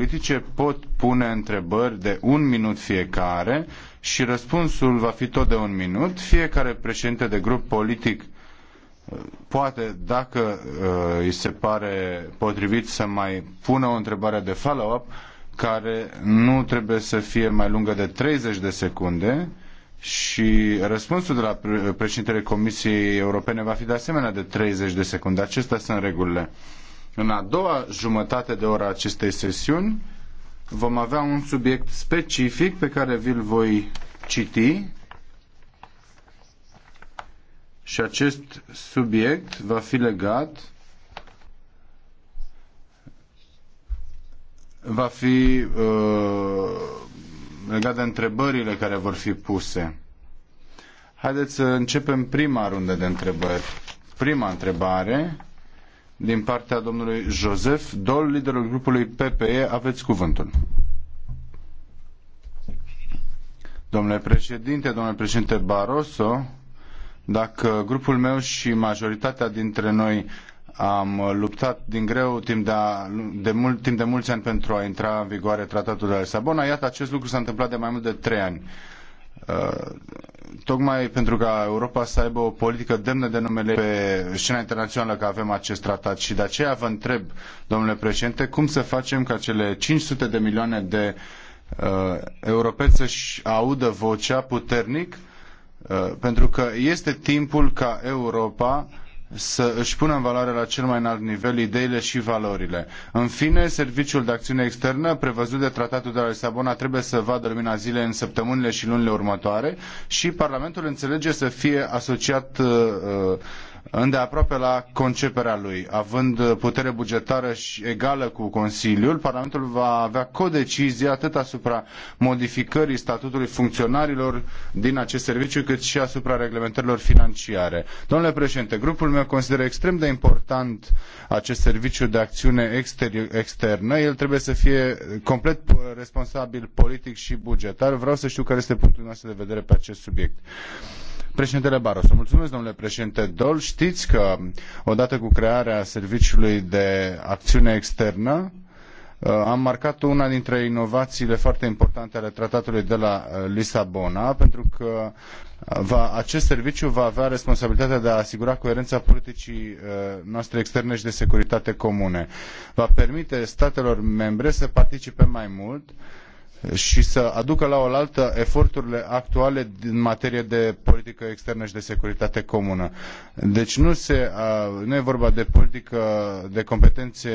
politice pot pune întrebări de un minut fiecare și răspunsul va fi tot de un minut. Fiecare președinte de grup politic uh, poate, dacă uh, îi se pare potrivit, să mai pună o întrebare de follow-up care nu trebuie să fie mai lungă de 30 de secunde și răspunsul de la președintele Comisiei Europene va fi de asemenea de 30 de secunde. Acestea sunt regulile. În a doua jumătate de oră acestei sesiuni vom avea un subiect specific pe care vi-l voi citi și acest subiect va fi legat va fi uh, legat de întrebările care vor fi puse. Haideți să începem prima rundă de întrebări. Prima întrebare din partea domnului Joseph Dol, liderul grupului PPE. Aveți cuvântul. Domnule președinte, domnule președinte Barroso, dacă grupul meu și majoritatea dintre noi am luptat din greu timp de, a, de mult, timp de mulți ani pentru a intra în vigoare tratatul de la Lisabona, iată acest lucru s-a întâmplat de mai mult de trei ani. Uh, tocmai pentru ca Europa să aibă o politică demnă de numele pe scena internațională că avem acest tratat și de aceea vă întreb, domnule președinte, cum să facem ca cele 500 de milioane de uh, europeni să-și audă vocea puternic, uh, pentru că este timpul ca Europa să își pună în valoare la cel mai înalt nivel ideile și valorile. În fine, Serviciul de Acțiune Externă, prevăzut de Tratatul de la Lisabona, trebuie să vadă lumina zilei în săptămânile și lunile următoare și Parlamentul înțelege să fie asociat uh, uh îndeaproape la conceperea lui. Având putere bugetară și egală cu Consiliul, Parlamentul va avea codecizie atât asupra modificării statutului funcționarilor din acest serviciu, cât și asupra reglementărilor financiare. Domnule președinte, grupul meu consideră extrem de important acest serviciu de acțiune externă. El trebuie să fie complet responsabil politic și bugetar. Vreau să știu care este punctul nostru de vedere pe acest subiect. Președintele Barroso, mulțumesc domnule președinte Dol. Știți că odată cu crearea Serviciului de Acțiune Externă uh, am marcat una dintre inovațiile foarte importante ale tratatului de la uh, Lisabona, pentru că uh, va, acest serviciu va avea responsabilitatea de a asigura coerența politicii noastre externe și de securitate comune. Va permite statelor membre să participe mai mult și să aducă la oaltă eforturile actuale în materie de politică externă și de securitate comună. Deci nu, se, nu e vorba de politică de competențe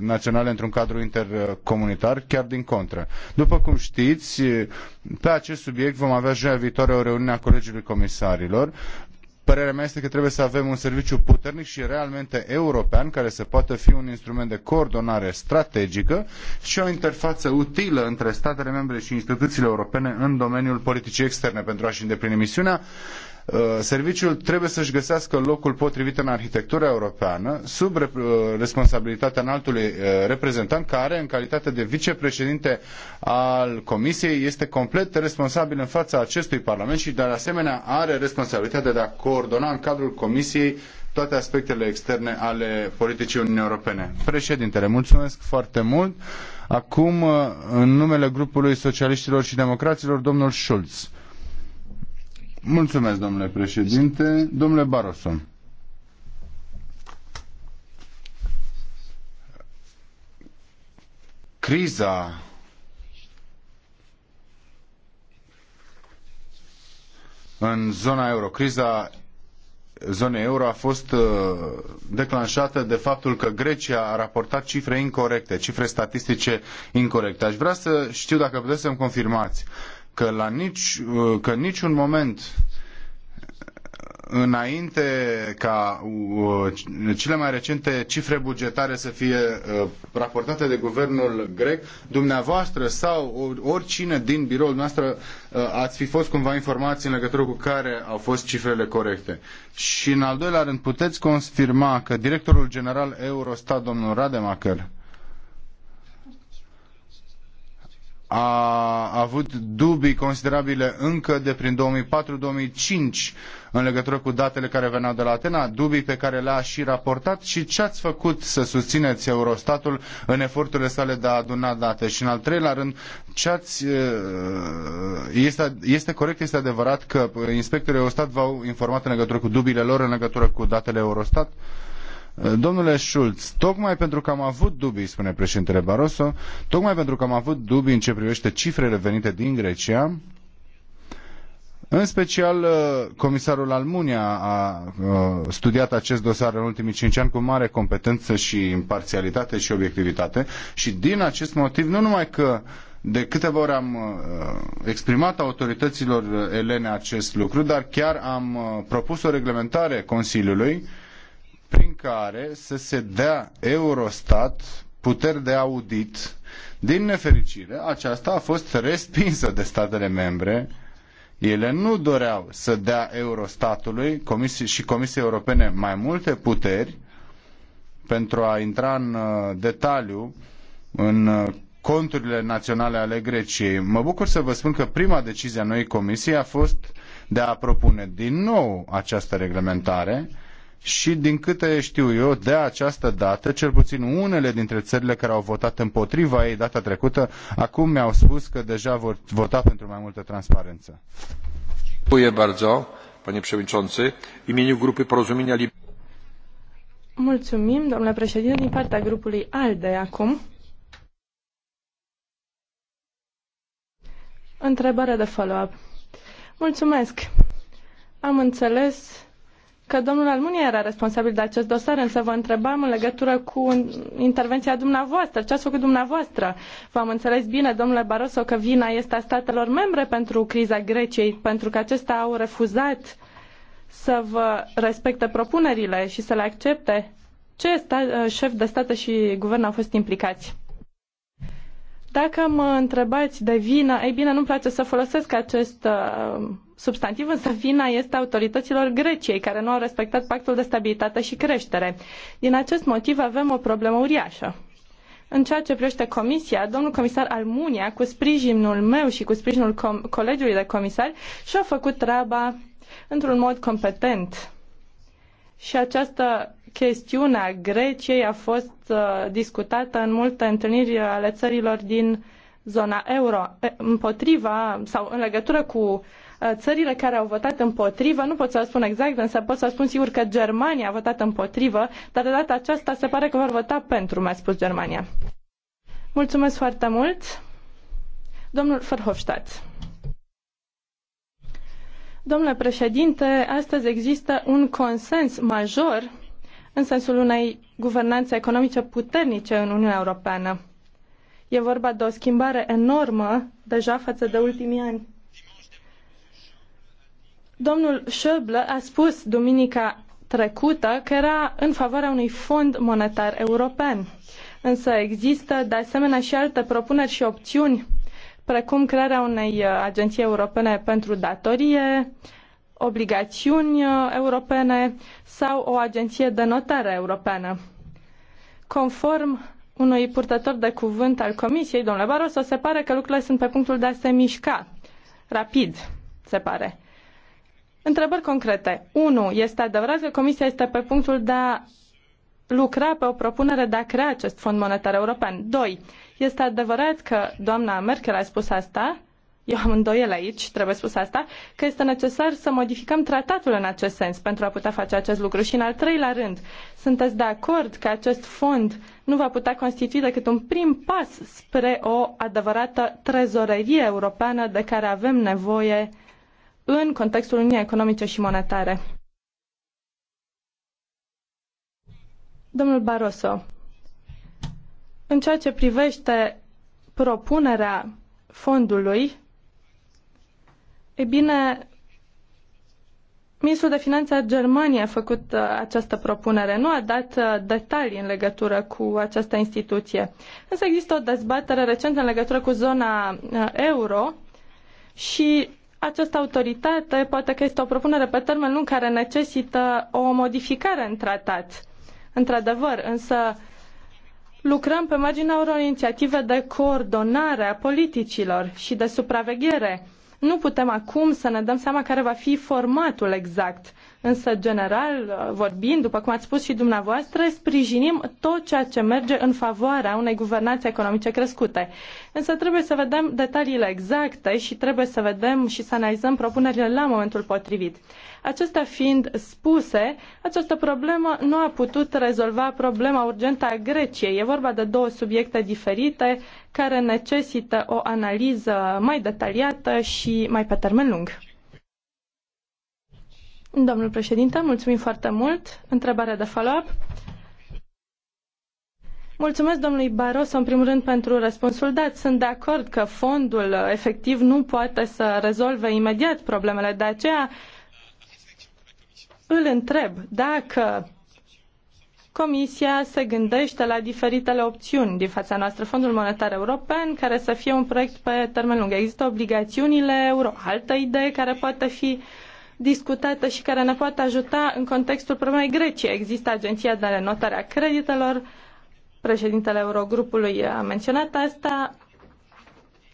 naționale într-un cadru intercomunitar, chiar din contră. După cum știți, pe acest subiect vom avea joia viitoare o reuniune a Colegiului Comisarilor Părerea mea este că trebuie să avem un serviciu puternic și realmente european, care să poată fi un instrument de coordonare strategică și o interfață utilă între statele membre și instituțiile europene în domeniul politicii externe pentru a-și îndeplini misiunea Uh, serviciul trebuie să-și găsească locul potrivit în arhitectura europeană, sub uh, responsabilitatea înaltului uh, reprezentant, care, în calitate de vicepreședinte al Comisiei, este complet responsabil în fața acestui Parlament și, de asemenea, are responsabilitatea de a coordona în cadrul Comisiei toate aspectele externe ale politicii Uniunii Europene. Președintele, mulțumesc foarte mult. Acum, în numele grupului socialiștilor și democraților, domnul Schulz. Mulțumesc, domnule președinte. Domnule Barroso. Criza în zona euro, criza zonei euro a fost uh, declanșată de faptul că Grecia a raportat cifre incorrecte, cifre statistice incorrecte. Aș vrea să știu dacă puteți să-mi confirmați că, la nici, uh, că niciun moment înainte ca uh, cele mai recente cifre bugetare să fie uh, raportate de guvernul grec, dumneavoastră sau oricine din biroul noastră ați fi fost cumva informați în legătură cu care au fost cifrele corecte. Și în al doilea rând, puteți confirma că directorul general Eurostat, domnul Rademacher, a avut dubii considerabile încă de prin 2004-2005 în legătură cu datele care veneau de la Atena, dubii pe care le-a și raportat și ce ați făcut să susțineți Eurostatul în eforturile sale de a aduna date. Și în al treilea rând, ce ați, este, este corect, este adevărat că inspectorii Eurostat v-au informat în legătură cu dubiile lor în legătură cu datele Eurostat? Uh, Domnule Schulz, tocmai pentru că am avut dubii, spune președintele Barroso, tocmai pentru că am avut dubii în ce privește cifrele venite din Grecia, în special, uh, comisarul Almunia a uh, studiat acest dosar în ultimii cinci ani cu mare competență și imparțialitate și obiectivitate și din acest motiv, nu numai că de câteva ori am uh, exprimat autorităților elene acest lucru, dar chiar am propus o reglementare Consiliului prin care să se dea Eurostat puteri de audit. Din nefericire, aceasta a fost respinsă de statele membre. Ele nu doreau să dea Eurostatului comisii și Comisiei Europene mai multe puteri pentru a intra în uh, detaliu în uh, conturile naționale ale Greciei. Mă bucur să vă spun că prima decizie a noii comisii a fost de a propune din nou această reglementare și din câte știu eu, de această dată, cel puțin unele dintre țările care au votat împotriva ei data trecută, acum mi-au spus că deja vor vota pentru mai multă transparență. Mulțumim, domnule președinte, din partea grupului ALDE acum. Întrebare de follow-up. Mulțumesc. Am înțeles că domnul Almunia era responsabil de acest dosar, însă vă întrebam în legătură cu intervenția dumneavoastră. Ce ați făcut dumneavoastră? V-am înțeles bine, domnule Barroso, că vina este a statelor membre pentru criza Greciei, pentru că acestea au refuzat să vă respecte propunerile și să le accepte. Ce sta- șef de stat și guvern au fost implicați? Dacă mă întrebați de vină, ei bine, nu-mi place să folosesc acest uh, substantiv, însă vina este autorităților Greciei, care nu au respectat pactul de stabilitate și creștere. Din acest motiv avem o problemă uriașă. În ceea ce privește comisia, domnul comisar Almunia, cu sprijinul meu și cu sprijinul com- colegiului de comisari, și-a făcut treaba într-un mod competent. Și această chestiune a Greciei a fost uh, discutată în multe întâlniri ale țărilor din zona euro, împotriva sau în legătură cu țările care au votat împotrivă, nu pot să spun exact, însă pot să spun sigur că Germania a votat împotrivă, dar de data aceasta se pare că vor vota pentru, mi-a spus Germania. Mulțumesc foarte mult. Domnul Verhofstadt. Domnule președinte, astăzi există un consens major în sensul unei guvernanțe economice puternice în Uniunea Europeană. E vorba de o schimbare enormă deja față de ultimii ani. Domnul Schöble a spus duminica trecută că era în favoarea unui fond monetar european. Însă există de asemenea și alte propuneri și opțiuni, precum crearea unei uh, agenții europene pentru datorie, obligațiuni uh, europene sau o agenție de notare europeană. Conform unui purtător de cuvânt al Comisiei, domnule Barroso, se pare că lucrurile sunt pe punctul de a se mișca. Rapid, se pare. Întrebări concrete. 1. Este adevărat că Comisia este pe punctul de a lucra pe o propunere de a crea acest fond monetar european. 2. Este adevărat că doamna Merkel a spus asta, eu am îndoiel aici, trebuie spus asta, că este necesar să modificăm tratatul în acest sens pentru a putea face acest lucru. Și în al treilea rând, sunteți de acord că acest fond nu va putea constitui decât un prim pas spre o adevărată trezorerie europeană de care avem nevoie în contextul Uniunii Economice și Monetare. Domnul Barroso, în ceea ce privește propunerea fondului, e bine, Ministrul de Finanțe al Germaniei a făcut uh, această propunere, nu a dat uh, detalii în legătură cu această instituție. Însă există o dezbatere recentă în legătură cu zona uh, euro și această autoritate poate că este o propunere pe termen lung care necesită o modificare în tratat. Într-adevăr, însă lucrăm pe marginea unor inițiative de coordonare a politicilor și de supraveghere. Nu putem acum să ne dăm seama care va fi formatul exact. Însă, general vorbind, după cum ați spus și dumneavoastră, sprijinim tot ceea ce merge în favoarea unei guvernanțe economice crescute. Însă trebuie să vedem detaliile exacte și trebuie să vedem și să analizăm propunerile la momentul potrivit. Acestea fiind spuse, această problemă nu a putut rezolva problema urgentă a Greciei. E vorba de două subiecte diferite care necesită o analiză mai detaliată și mai pe termen lung. Domnul președinte, mulțumim foarte mult. Întrebarea de follow-up. Mulțumesc domnului Barroso, în primul rând, pentru răspunsul dat. Sunt de acord că fondul efectiv nu poate să rezolve imediat problemele, de aceea îl întreb dacă Comisia se gândește la diferitele opțiuni din fața noastră. Fondul Monetar European, care să fie un proiect pe termen lung. Există obligațiunile euro, altă idee care poate fi uh, discutată și care ne poate ajuta în contextul problemei Greciei. Există Agenția de notare a Creditelor, președintele Eurogrupului a menționat asta,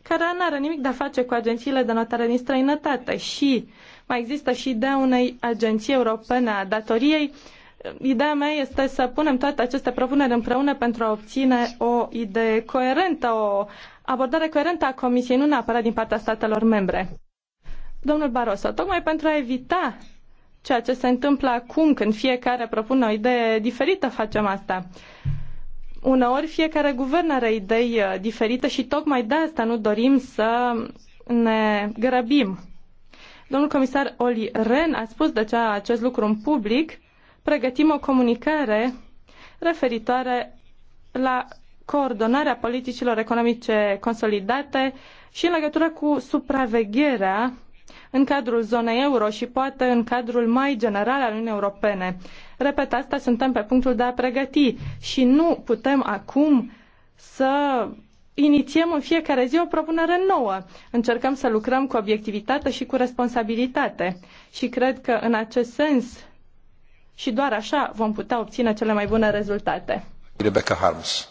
care nu are nimic de a face cu agențiile de notare din străinătate și mai există și ideea unei agenții europene a datoriei. Ideea mea este să punem toate aceste propuneri împreună pentru a obține o idee coerentă, o abordare coerentă a Comisiei, nu neapărat din partea statelor membre. Domnul Barroso, tocmai pentru a evita ceea ce se întâmplă acum, când fiecare propune o idee diferită, facem asta. Uneori fiecare guvern are idei uh, diferite și tocmai de asta nu dorim să ne grăbim. Domnul comisar Oli Ren a spus cea acest lucru în public. Pregătim o comunicare referitoare la coordonarea politicilor economice consolidate și în legătură cu supravegherea în cadrul zonei euro și poate în cadrul mai general al Uniunii Europene. Repet, asta suntem pe punctul de a pregăti și nu putem acum să inițiem în fiecare zi o propunere nouă. Încercăm să lucrăm cu obiectivitate și cu responsabilitate. Și cred că în acest sens și doar așa vom putea obține cele mai bune rezultate. Rebecca Harms.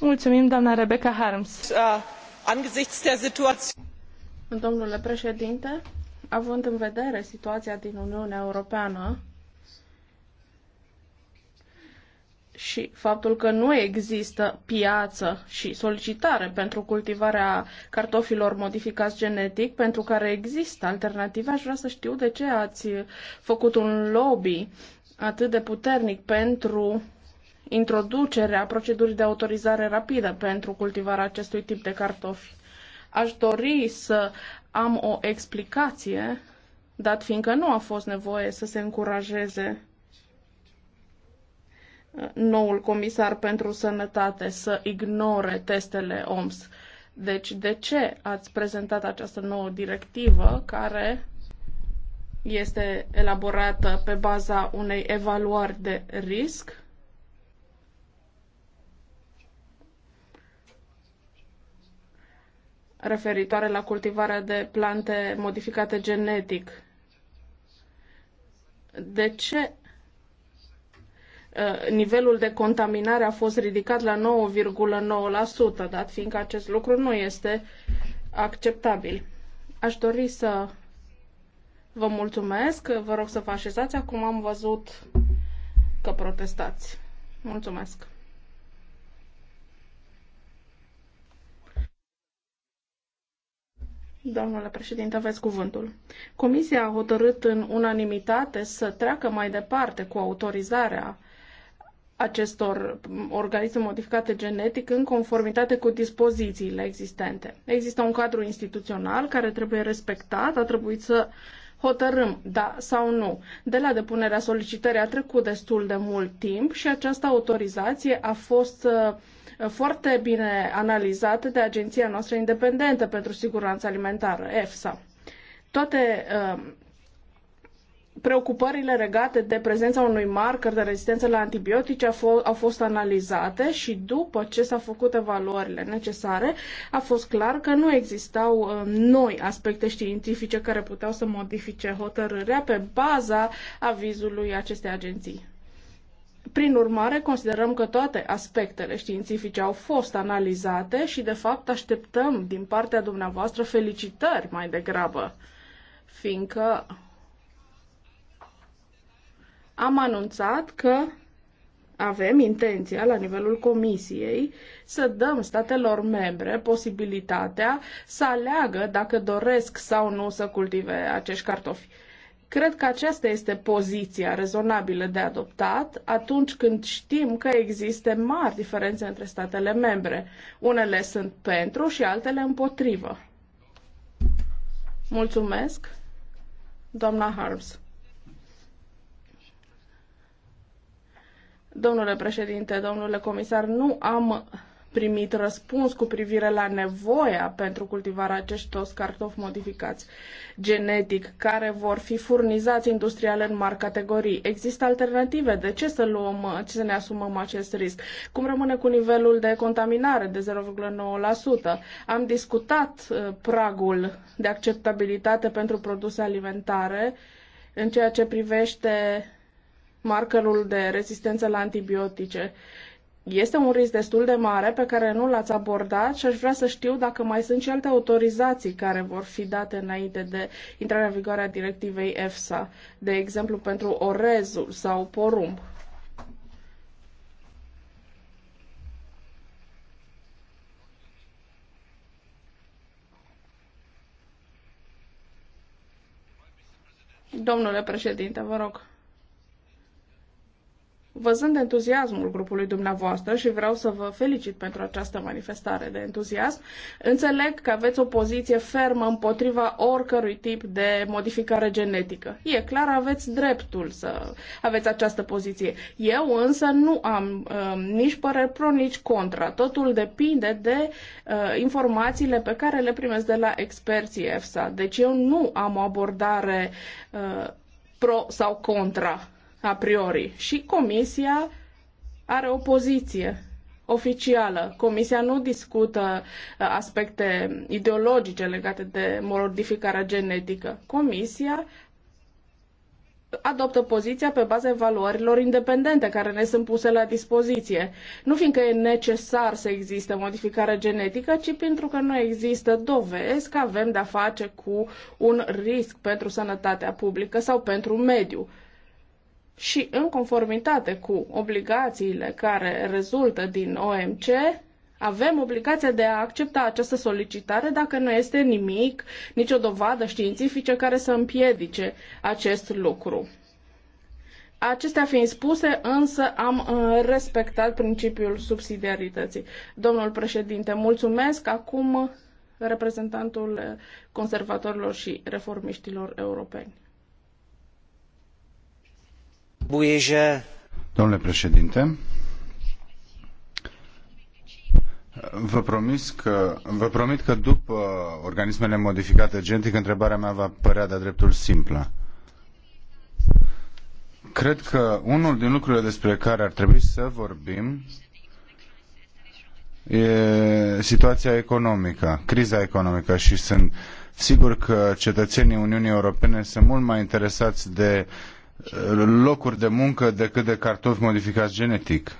Mulțumim, doamna Rebecca Harms. Uh, angesichts der Situation Domnule președinte, având în vedere situația din Uniunea Europeană și faptul că nu există piață și solicitare pentru cultivarea cartofilor modificați genetic, pentru care există alternative, aș vrea să știu de ce ați făcut un lobby atât de puternic pentru introducerea procedurii de autorizare rapidă pentru cultivarea acestui tip de cartofi. Aș dori să am o explicație, dat fiindcă nu a fost nevoie să se încurajeze uh, noul comisar pentru sănătate să ignore testele OMS. Deci, de ce ați prezentat această nouă directivă care este elaborată pe baza unei evaluări de risc referitoare la cultivarea de plante modificate genetic. De ce uh, nivelul de contaminare a fost ridicat la 9,9%, dat fiindcă acest lucru nu este acceptabil. Aș dori să vă mulțumesc, vă rog să vă așezați, acum am văzut că protestați. Mulțumesc! Domnule președinte, aveți cuvântul. Comisia a hotărât în unanimitate să treacă mai departe cu autorizarea acestor organisme modificate genetic în conformitate cu dispozițiile existente. Există un cadru instituțional care trebuie respectat, a trebuit să hotărâm da sau nu. De la depunerea solicitării a trecut destul de mult timp și această autorizație a fost uh, foarte bine analizate de agenția noastră independentă pentru siguranță alimentară, EFSA. Toate um, preocupările legate de prezența unui marker de rezistență la antibiotice au fost analizate și după ce s-au făcut evaluările necesare, a fost clar că nu existau um, noi aspecte științifice care puteau să modifice hotărârea pe baza avizului acestei agenții. Prin urmare, considerăm că toate aspectele științifice au fost analizate și, de fapt, așteptăm din partea dumneavoastră felicitări mai degrabă, fiindcă am anunțat că avem intenția, la nivelul Comisiei, să dăm statelor membre posibilitatea să aleagă dacă doresc sau nu să cultive acești cartofi. Cred că aceasta este poziția rezonabilă de adoptat atunci când știm că există mari diferențe între statele membre. Unele sunt pentru și altele împotrivă. Mulțumesc, doamna Harms. Domnule președinte, domnule comisar, nu am primit răspuns cu privire la nevoia pentru cultivarea acestor cartofi modificați genetic, care vor fi furnizați industrial în mari categorii. Există alternative. De ce să luăm, ce să ne asumăm acest risc? Cum rămâne cu nivelul de contaminare de 0,9%? Am discutat uh, pragul de acceptabilitate pentru produse alimentare în ceea ce privește markerul de rezistență la antibiotice este un risc destul de mare pe care nu l-ați abordat și aș vrea să știu dacă mai sunt și alte autorizații care vor fi date înainte de intrarea în vigoare a directivei EFSA, de exemplu pentru orezul sau porumb. Domnule președinte, vă rog. Văzând entuziasmul grupului dumneavoastră și vreau să vă felicit pentru această manifestare de entuziasm, înțeleg că aveți o poziție fermă împotriva oricărui tip de modificare genetică. E clar, aveți dreptul să aveți această poziție. Eu însă nu am uh, nici păreri pro, nici contra. Totul depinde de uh, informațiile pe care le primesc de la experții EFSA. Deci eu nu am o abordare uh, pro sau contra a priori. Și Comisia are o poziție oficială. Comisia nu discută uh, aspecte ideologice legate de modificarea genetică. Comisia adoptă poziția pe baza evaluărilor independente care ne sunt puse la dispoziție. Nu fiindcă e necesar să existe modificare genetică, ci pentru că nu există dovezi că avem de-a face cu un risc pentru sănătatea publică sau pentru mediu și în conformitate cu obligațiile care rezultă din OMC, avem obligația de a accepta această solicitare dacă nu este nimic, nicio dovadă științifică care să împiedice acest lucru. Acestea fiind spuse, însă am uh, respectat principiul subsidiarității. Domnul președinte, mulțumesc. Acum reprezentantul conservatorilor și reformiștilor europeni. Domnule președinte, Vă, promis că, vă promit că după organismele modificate genetic, întrebarea mea va părea de-a dreptul simplă. Cred că unul din lucrurile despre care ar trebui să vorbim e situația economică, criza economică și sunt sigur că cetățenii Uniunii Europene sunt mult mai interesați de uh, locuri de muncă decât de cartofi modificați genetic.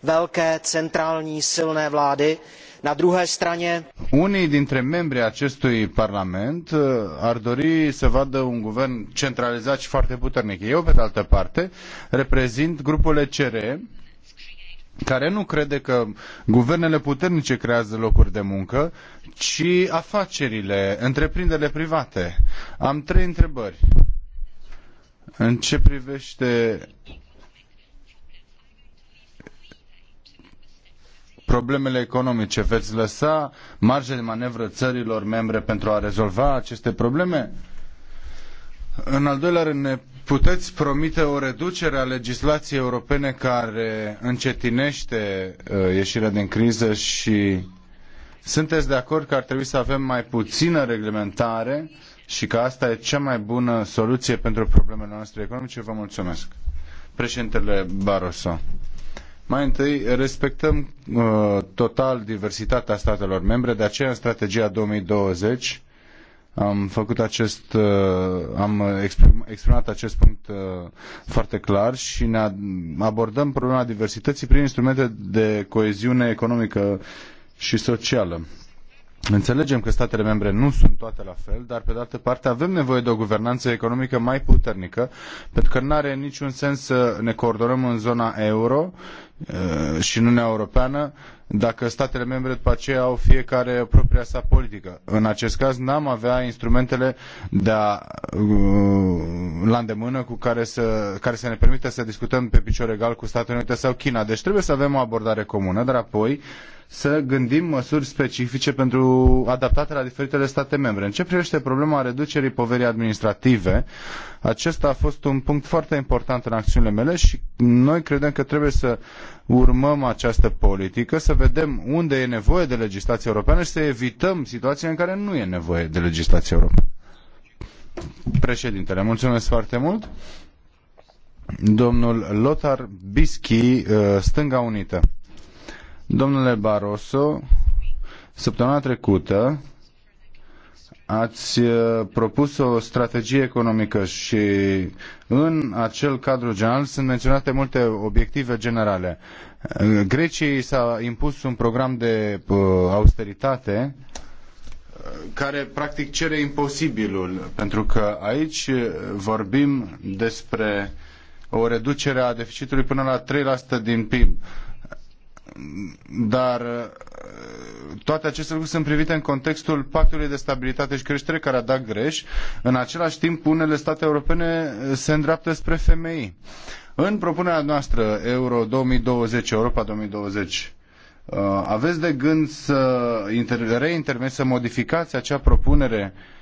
velké centrální silné vlády. Na druhé straně... Unii dintre membrii acestui parlament uh, ar dori să vadă un guvern centralizat și foarte puternic. Eu, pe de altă parte, reprezint grupul ECR, care nu crede că guvernele puternice creează locuri de muncă, ci afacerile, întreprinderile private. Am trei întrebări. În ce privește problemele economice, veți lăsa marge de manevră țărilor membre pentru a rezolva aceste probleme? În al doilea rând, ne puteți promite o reducere a legislației europene care încetinește uh, ieșirea din criză și sunteți de acord că ar trebui să avem mai puțină reglementare uh, și că asta e cea mai bună soluție pentru problemele noastre economice. Vă mulțumesc. Președintele Barroso. Mai întâi, respectăm uh, total diversitatea statelor membre, de aceea în strategia 2020 am făcut acest, uh, am exprim, exprimat acest punct uh, foarte clar și ne abordăm problema diversității prin instrumente de coeziune economică și socială. Înțelegem că statele membre nu sunt toate la fel, dar pe de altă parte avem nevoie de o guvernanță economică mai puternică, pentru că nu are niciun sens să ne coordonăm în zona euro eh, și în Uniunea Europeană dacă statele membre după aceea au fiecare propria sa politică. În acest caz n-am avea instrumentele de a, eh, la îndemână cu care să, care să ne permită să discutăm pe picior egal cu Statele Unite sau China. Deci trebuie să avem o abordare comună, dar apoi să gândim măsuri specifice pentru adaptate la diferitele state membre. În ce privește problema reducerii poverii administrative, acesta a fost un punct foarte important în acțiunile mele și noi credem că trebuie să urmăm această politică, să vedem unde e nevoie de legislație europeană și să evităm situația în care nu e nevoie de legislație europeană. Președintele, mulțumesc foarte mult. Domnul Lothar Bischi, uh, Stânga Unită. Domnule Barroso, săptămâna trecută ați uh, propus o strategie economică și în acel cadru general sunt menționate multe obiective generale. Uh, Greciei s-a impus un program de uh, austeritate care practic cere imposibilul, pentru că aici vorbim despre o reducere a deficitului până la 3% din PIB dar uh, toate aceste lucruri sunt privite în contextul pactului de stabilitate și creștere care a dat greș. În același timp, unele state europene uh, se îndreaptă spre FMI. În propunerea noastră Euro 2020, Europa 2020, uh, aveți de gând să reinterveți, să modificați acea propunere uh,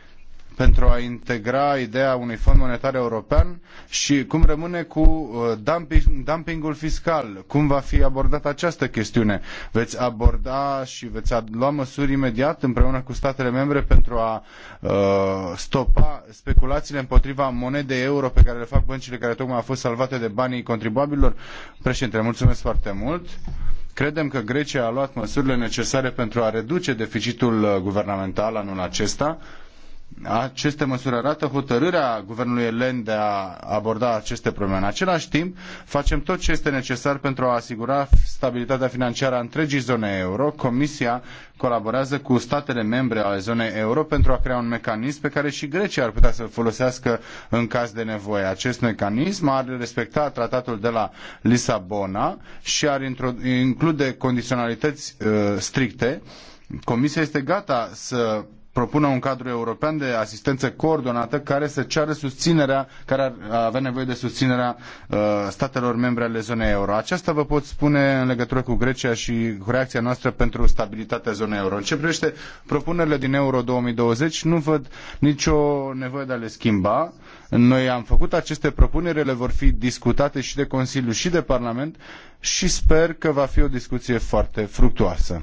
pentru a integra ideea unui fond monetar european și cum rămâne cu uh, dumping, dumpingul fiscal? Cum va fi abordată această chestiune? Veți aborda și veți lua măsuri imediat împreună cu statele membre pentru a uh, stopa speculațiile împotriva monedei euro pe care le fac băncile care tocmai au fost salvate de banii contribuabililor? Președinte, mulțumesc foarte mult. Credem că Grecia a luat măsurile necesare pentru a reduce deficitul uh, guvernamental anul acesta aceste măsuri arată hotărârea guvernului elen de a aborda aceste probleme. În același timp, facem tot ce este necesar pentru a asigura stabilitatea financiară a întregii zone euro. Comisia colaborează cu statele membre ale zonei euro pentru a crea un mecanism pe care și Grecia ar putea să-l folosească în caz de nevoie. Acest mecanism ar respecta tratatul de la Lisabona și ar include condiționalități uh, stricte. Comisia este gata să propună un cadru european de asistență coordonată care să ceară susținerea, care ar avea nevoie de susținerea uh, statelor membre ale zonei euro. Aceasta vă pot spune în legătură cu Grecia și cu reacția noastră pentru stabilitatea zonei euro. În ce privește propunerile din Euro 2020, nu văd nicio nevoie de a le schimba. Noi am făcut aceste propuneri, ele vor fi discutate și de Consiliu și de Parlament și sper că va fi o discuție foarte fructuoasă.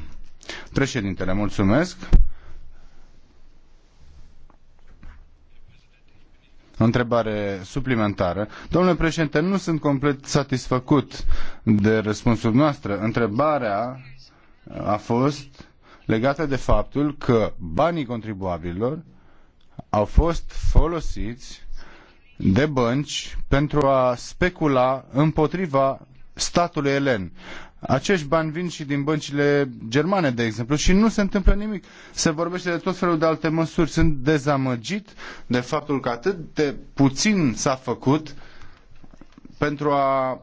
Președintele, mulțumesc. întrebare suplimentară. Domnule președinte, nu sunt complet satisfăcut de răspunsul noastră. Întrebarea a fost legată de faptul că banii contribuabililor au fost folosiți de bănci pentru a specula împotriva statului elen. Acești bani vin și din băncile germane, de exemplu, și nu se întâmplă nimic. Se vorbește de tot felul de alte măsuri. Sunt dezamăgit de faptul că atât de puțin s-a făcut pentru a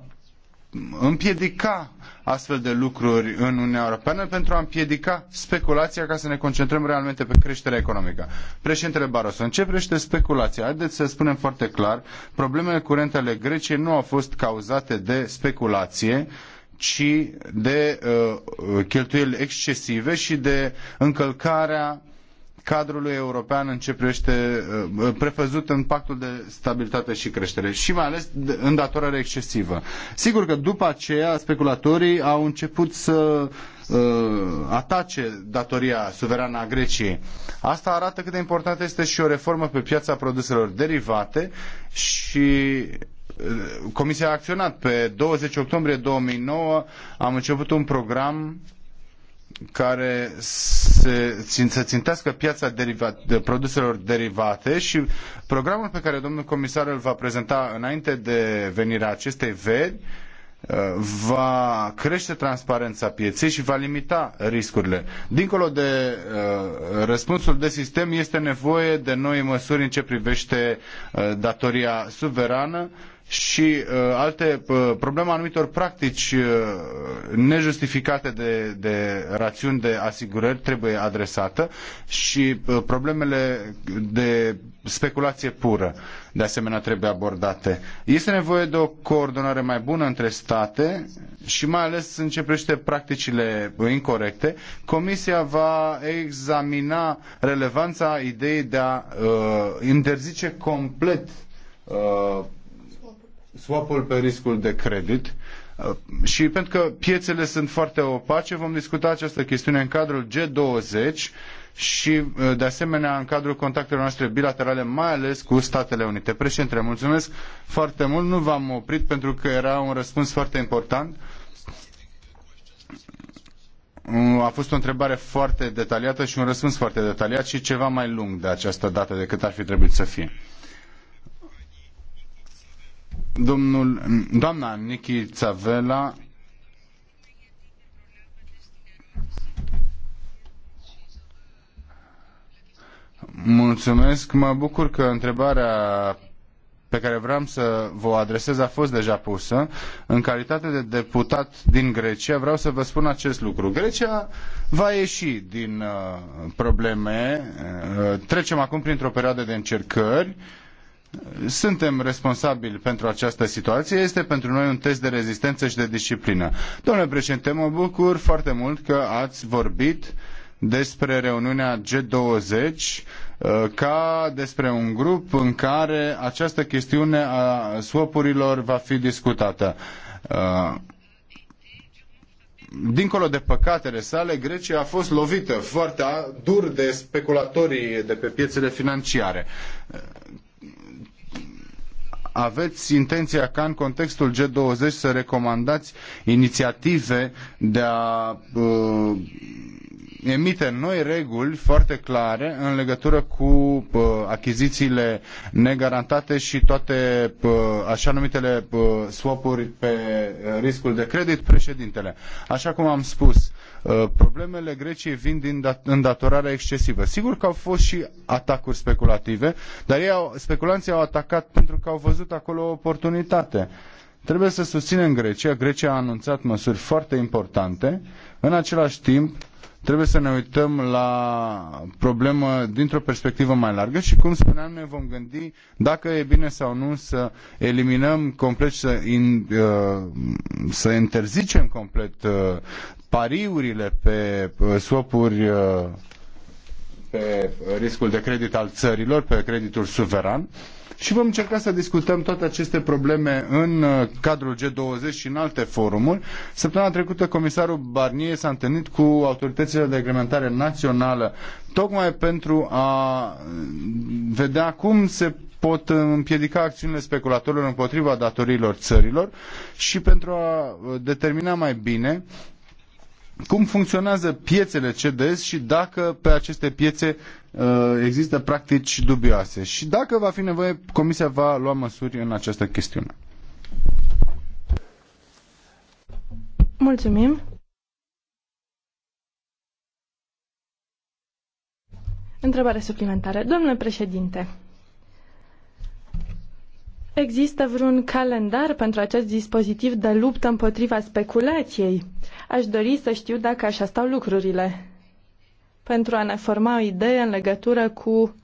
împiedica astfel de lucruri în Uniunea Europeană pentru a împiedica speculația ca să ne concentrăm realmente pe creșterea economică. Președintele Barroso, în ce privește speculația? Haideți să spunem foarte clar, problemele curente ale Greciei nu au fost cauzate de speculație, uh, ci de uh, cheltuieli excesive și de încălcarea cadrului european în ce privește uh, uh, prevăzut în pactul de stabilitate și creștere și mai ales îndatorarea excesivă. Sigur că după aceea speculatorii au început să uh, atace datoria suverană a Greciei. Asta arată cât de importantă este și o reformă pe piața produselor derivate și Comisia a acționat. Pe 20 octombrie 2009 am început un program care se, să țintească piața de produselor derivate și programul pe care domnul comisar îl va prezenta înainte de venirea acestei veri uh, va crește transparența pieței și va limita riscurile. Dincolo de uh, răspunsul de sistem, este nevoie de noi măsuri în ce privește uh, datoria suverană și uh, alte uh, probleme anumitor practici uh, nejustificate de, de rațiuni de asigurări trebuie adresată și uh, problemele de speculație pură de asemenea trebuie abordate. Este nevoie de o coordonare mai bună între state și mai ales în ce privește practicile incorrecte. Comisia va examina relevanța ideii de a uh, interzice complet uh, swap-ul pe riscul de credit. Uh, și pentru că piețele sunt foarte opace, vom discuta această chestiune în cadrul G20 și, uh, de asemenea, în cadrul contactelor noastre bilaterale, mai ales cu Statele Unite. Președinte, mulțumesc foarte mult. Nu v-am oprit pentru că era un răspuns foarte important. Uh, a fost o întrebare foarte detaliată și un răspuns foarte detaliat și ceva mai lung de această dată decât ar fi trebuit să fie. Domnul, doamna Nichi Țavela Mulțumesc. Mă bucur că întrebarea pe care vreau să vă o adresez a fost deja pusă. În calitate de deputat din Grecia, vreau să vă spun acest lucru. Grecia va ieși din uh, probleme. Uh, trecem acum printr-o perioadă de încercări. Uh, suntem responsabili pentru această situație, este pentru noi un test de rezistență și de disciplină. Domnule președinte, mă bucur foarte mult că ați vorbit despre reuniunea G20 uh, ca despre un grup în care această chestiune a swapurilor va fi discutată uh, dincolo de păcatele sale, Grecia a fost lovită foarte dur de speculatorii de pe piețele financiare aveți intenția ca în contextul G20 să recomandați inițiative de a uh, emite noi reguli foarte clare în legătură cu uh, achizițiile negarantate și toate uh, așa numitele uh, swap-uri pe uh, riscul de credit, președintele. Așa cum am spus, Uh, problemele Greciei vin din îndatorarea excesivă. Sigur că au fost și atacuri speculative, dar ei au, speculanții au atacat pentru că au văzut acolo o oportunitate. Trebuie să susținem Grecia. Grecia a anunțat măsuri foarte importante. În același timp, trebuie să ne uităm la problemă dintr-o perspectivă mai largă și, cum spuneam, ne vom gândi dacă e bine sau nu să eliminăm complet să, in, uh, să interzicem complet uh, pariurile pe swapuri uh, pe riscul de credit al țărilor, pe creditul suveran și vom încerca să discutăm toate aceste probleme în uh, cadrul G20 și în alte forumuri. Săptămâna trecută comisarul Barnier s-a întâlnit cu autoritățile de reglementare națională tocmai pentru a uh, vedea cum se pot împiedica acțiunile speculatorilor împotriva datoriilor țărilor și pentru a determina mai bine cum funcționează piețele CDS și dacă pe aceste piețe uh, există practici dubioase. Și dacă va fi nevoie, Comisia va lua măsuri în această chestiune. Mulțumim. Întrebare suplimentară. Domnule președinte, există vreun calendar pentru acest dispozitiv de luptă împotriva speculației? Aș dori să știu dacă așa stau lucrurile, pentru a ne forma o idee în legătură cu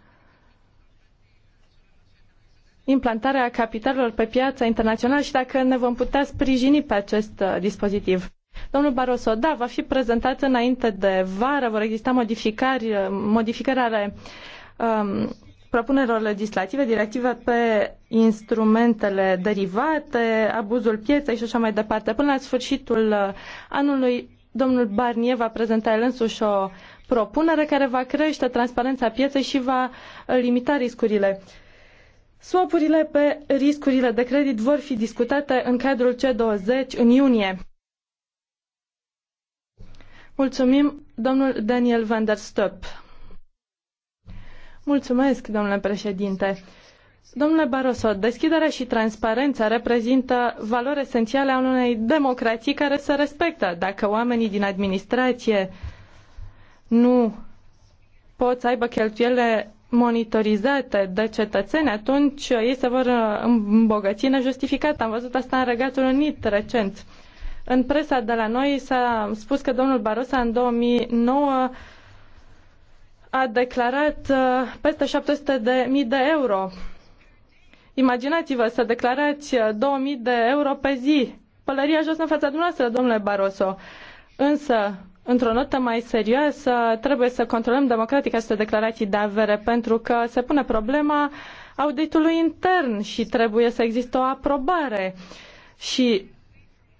implantarea capitalelor pe piața internațională și dacă ne vom putea sprijini pe acest uh, dispozitiv. Domnul Barroso, da, va fi prezentat înainte de vară, vor exista modificări, uh, modificări ale um, propunerilor legislative, directive pe instrumentele derivate, abuzul pieței și așa mai departe. Până la sfârșitul uh, anului, domnul Barnier va prezenta el însuși o propunere care va crește transparența pieței și va uh, limita riscurile. Swapurile pe riscurile de credit vor fi discutate în cadrul C20 în iunie. Mulțumim, domnul Daniel van der Stöp. Mulțumesc, domnule președinte. Domnule Barroso, deschiderea și transparența reprezintă valori esențiale a unei democrații care se respectă. Dacă oamenii din administrație nu pot să aibă cheltuielile monitorizate de cetățeni, atunci ei se vor îmbogăți nejustificat. Am văzut asta în Regatul Unit recent. În presa de la noi s-a spus că domnul Barroso în 2009 a declarat uh, peste 700 de mii de euro. Imaginați-vă să declarați 2000 uh, de euro pe zi. Pălăria jos în fața dumneavoastră, domnule Barroso. Însă, într-o notă mai serioasă, trebuie să controlăm democratic aceste declarații de avere, pentru că se pune problema auditului intern și trebuie să existe o aprobare. Și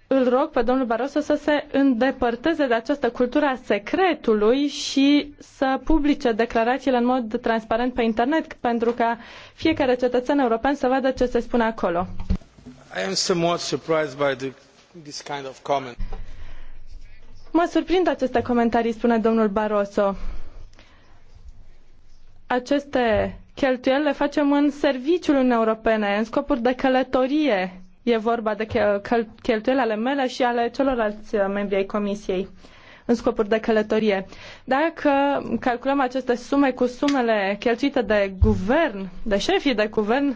îl rog pe domnul Barroso să se îndepărteze de această cultură a secretului și să publice declarațiile în mod transparent pe internet pentru ca fiecare cetățean european să vadă ce se spune acolo. I am somewhat surprised by the, this kind of comment. Mă surprind aceste comentarii, spune domnul Barroso. Aceste cheltuieli le facem în serviciul Uniunii Europene, în scopuri de călătorie E vorba de cheltuieli ale mele și ale celorlalți uh, membri ai comisiei în scopuri de călătorie. Dacă calculăm aceste sume cu sumele cheltuite de guvern, de șefii de guvern,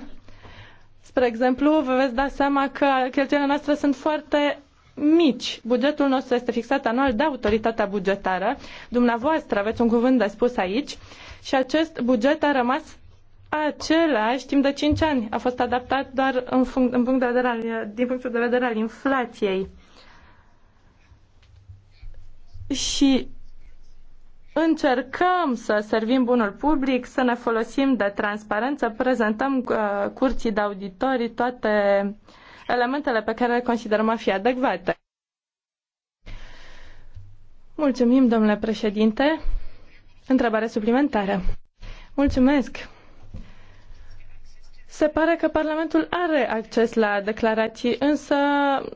spre exemplu, vă veți da seama că cheltuielile noastre sunt foarte mici. Bugetul nostru este fixat anual de autoritatea bugetară. Dumneavoastră aveți un cuvânt de spus aici și acest buget a rămas același timp de 5 ani. A fost adaptat doar în, func- în punct de vedere al, din punctul de vedere al inflației. Și încercăm să servim bunul public, să ne folosim de transparență, prezentăm uh, curții de auditori toate elementele pe care le considerăm a fi adecvate. Mulțumim, domnule președinte. Întrebare suplimentară. Mulțumesc. Se pare că Parlamentul are acces la declarații, însă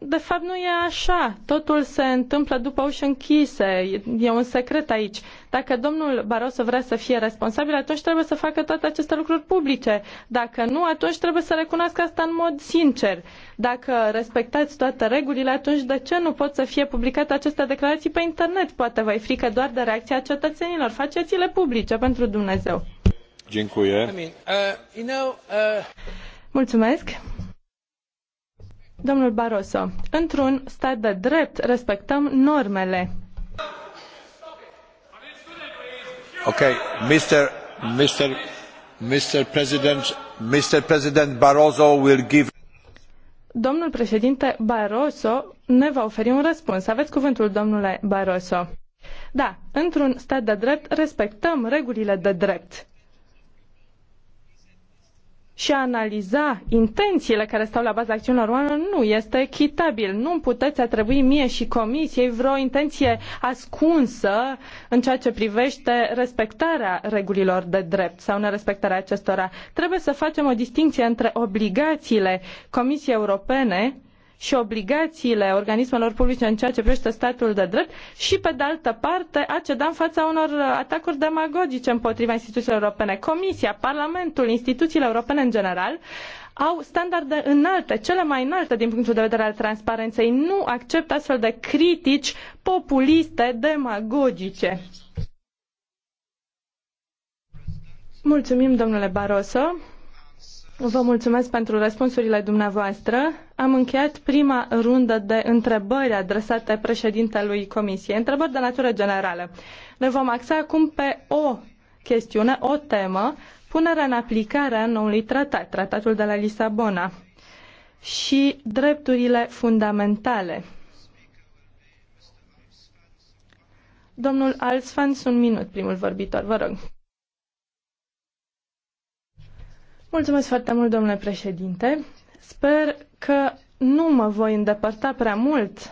de fapt nu e așa. Totul se întâmplă după uși închise, e un secret aici. Dacă domnul Barroso vrea să fie responsabil, atunci trebuie să facă toate aceste lucruri publice. Dacă nu, atunci trebuie să recunoască asta în mod sincer. Dacă respectați toate regulile, atunci de ce nu pot să fie publicate aceste declarații pe internet? Poate vă frică doar de reacția cetățenilor. Faceți-le publice pentru Dumnezeu. Uh, uh, Mulțumesc. Domnul Barroso, într-un stat de drept respectăm normele. Ok, Mr. Mr. Mr. President, Mr. President Barroso will give Domnul președinte Barroso ne va oferi un răspuns. Aveți cuvântul, domnule Barroso. Da, într-un stat de drept respectăm regulile de drept și a analiza intențiile care stau la baza acțiunilor oamenilor nu este echitabil. Nu puteți atribui mie și comisiei vreo intenție ascunsă în ceea ce privește respectarea regulilor de drept sau nerespectarea acestora. Trebuie să facem o distinție între obligațiile Comisiei Europene și obligaiile organismelor publice în ceea ce privete statul de drept și, pe de altă parte, a ceda în faa unor atacuri demagogice împotriva instituțiilor europene. Comisia, Parlamentul, instituțiile europene în general au standarde înalte, cele mai înalte din punctul de vedere al transparenței. Nu acceptă astfel de critici populiste, demagogice. Mulțumim, domnule Barroso. Vă mulțumesc pentru răspunsurile dumneavoastră. Am încheiat prima rundă de întrebări adresate președintelui Comisiei, întrebări de natură generală. Ne vom axa acum pe o chestiune, o temă, punerea în aplicare a noului tratat, tratatul de la Lisabona și drepturile fundamentale. Domnul Alsfans, un minut, primul vorbitor, vă rog. Mulțumesc foarte mult, domnule președinte. Sper că nu mă voi îndepărta prea mult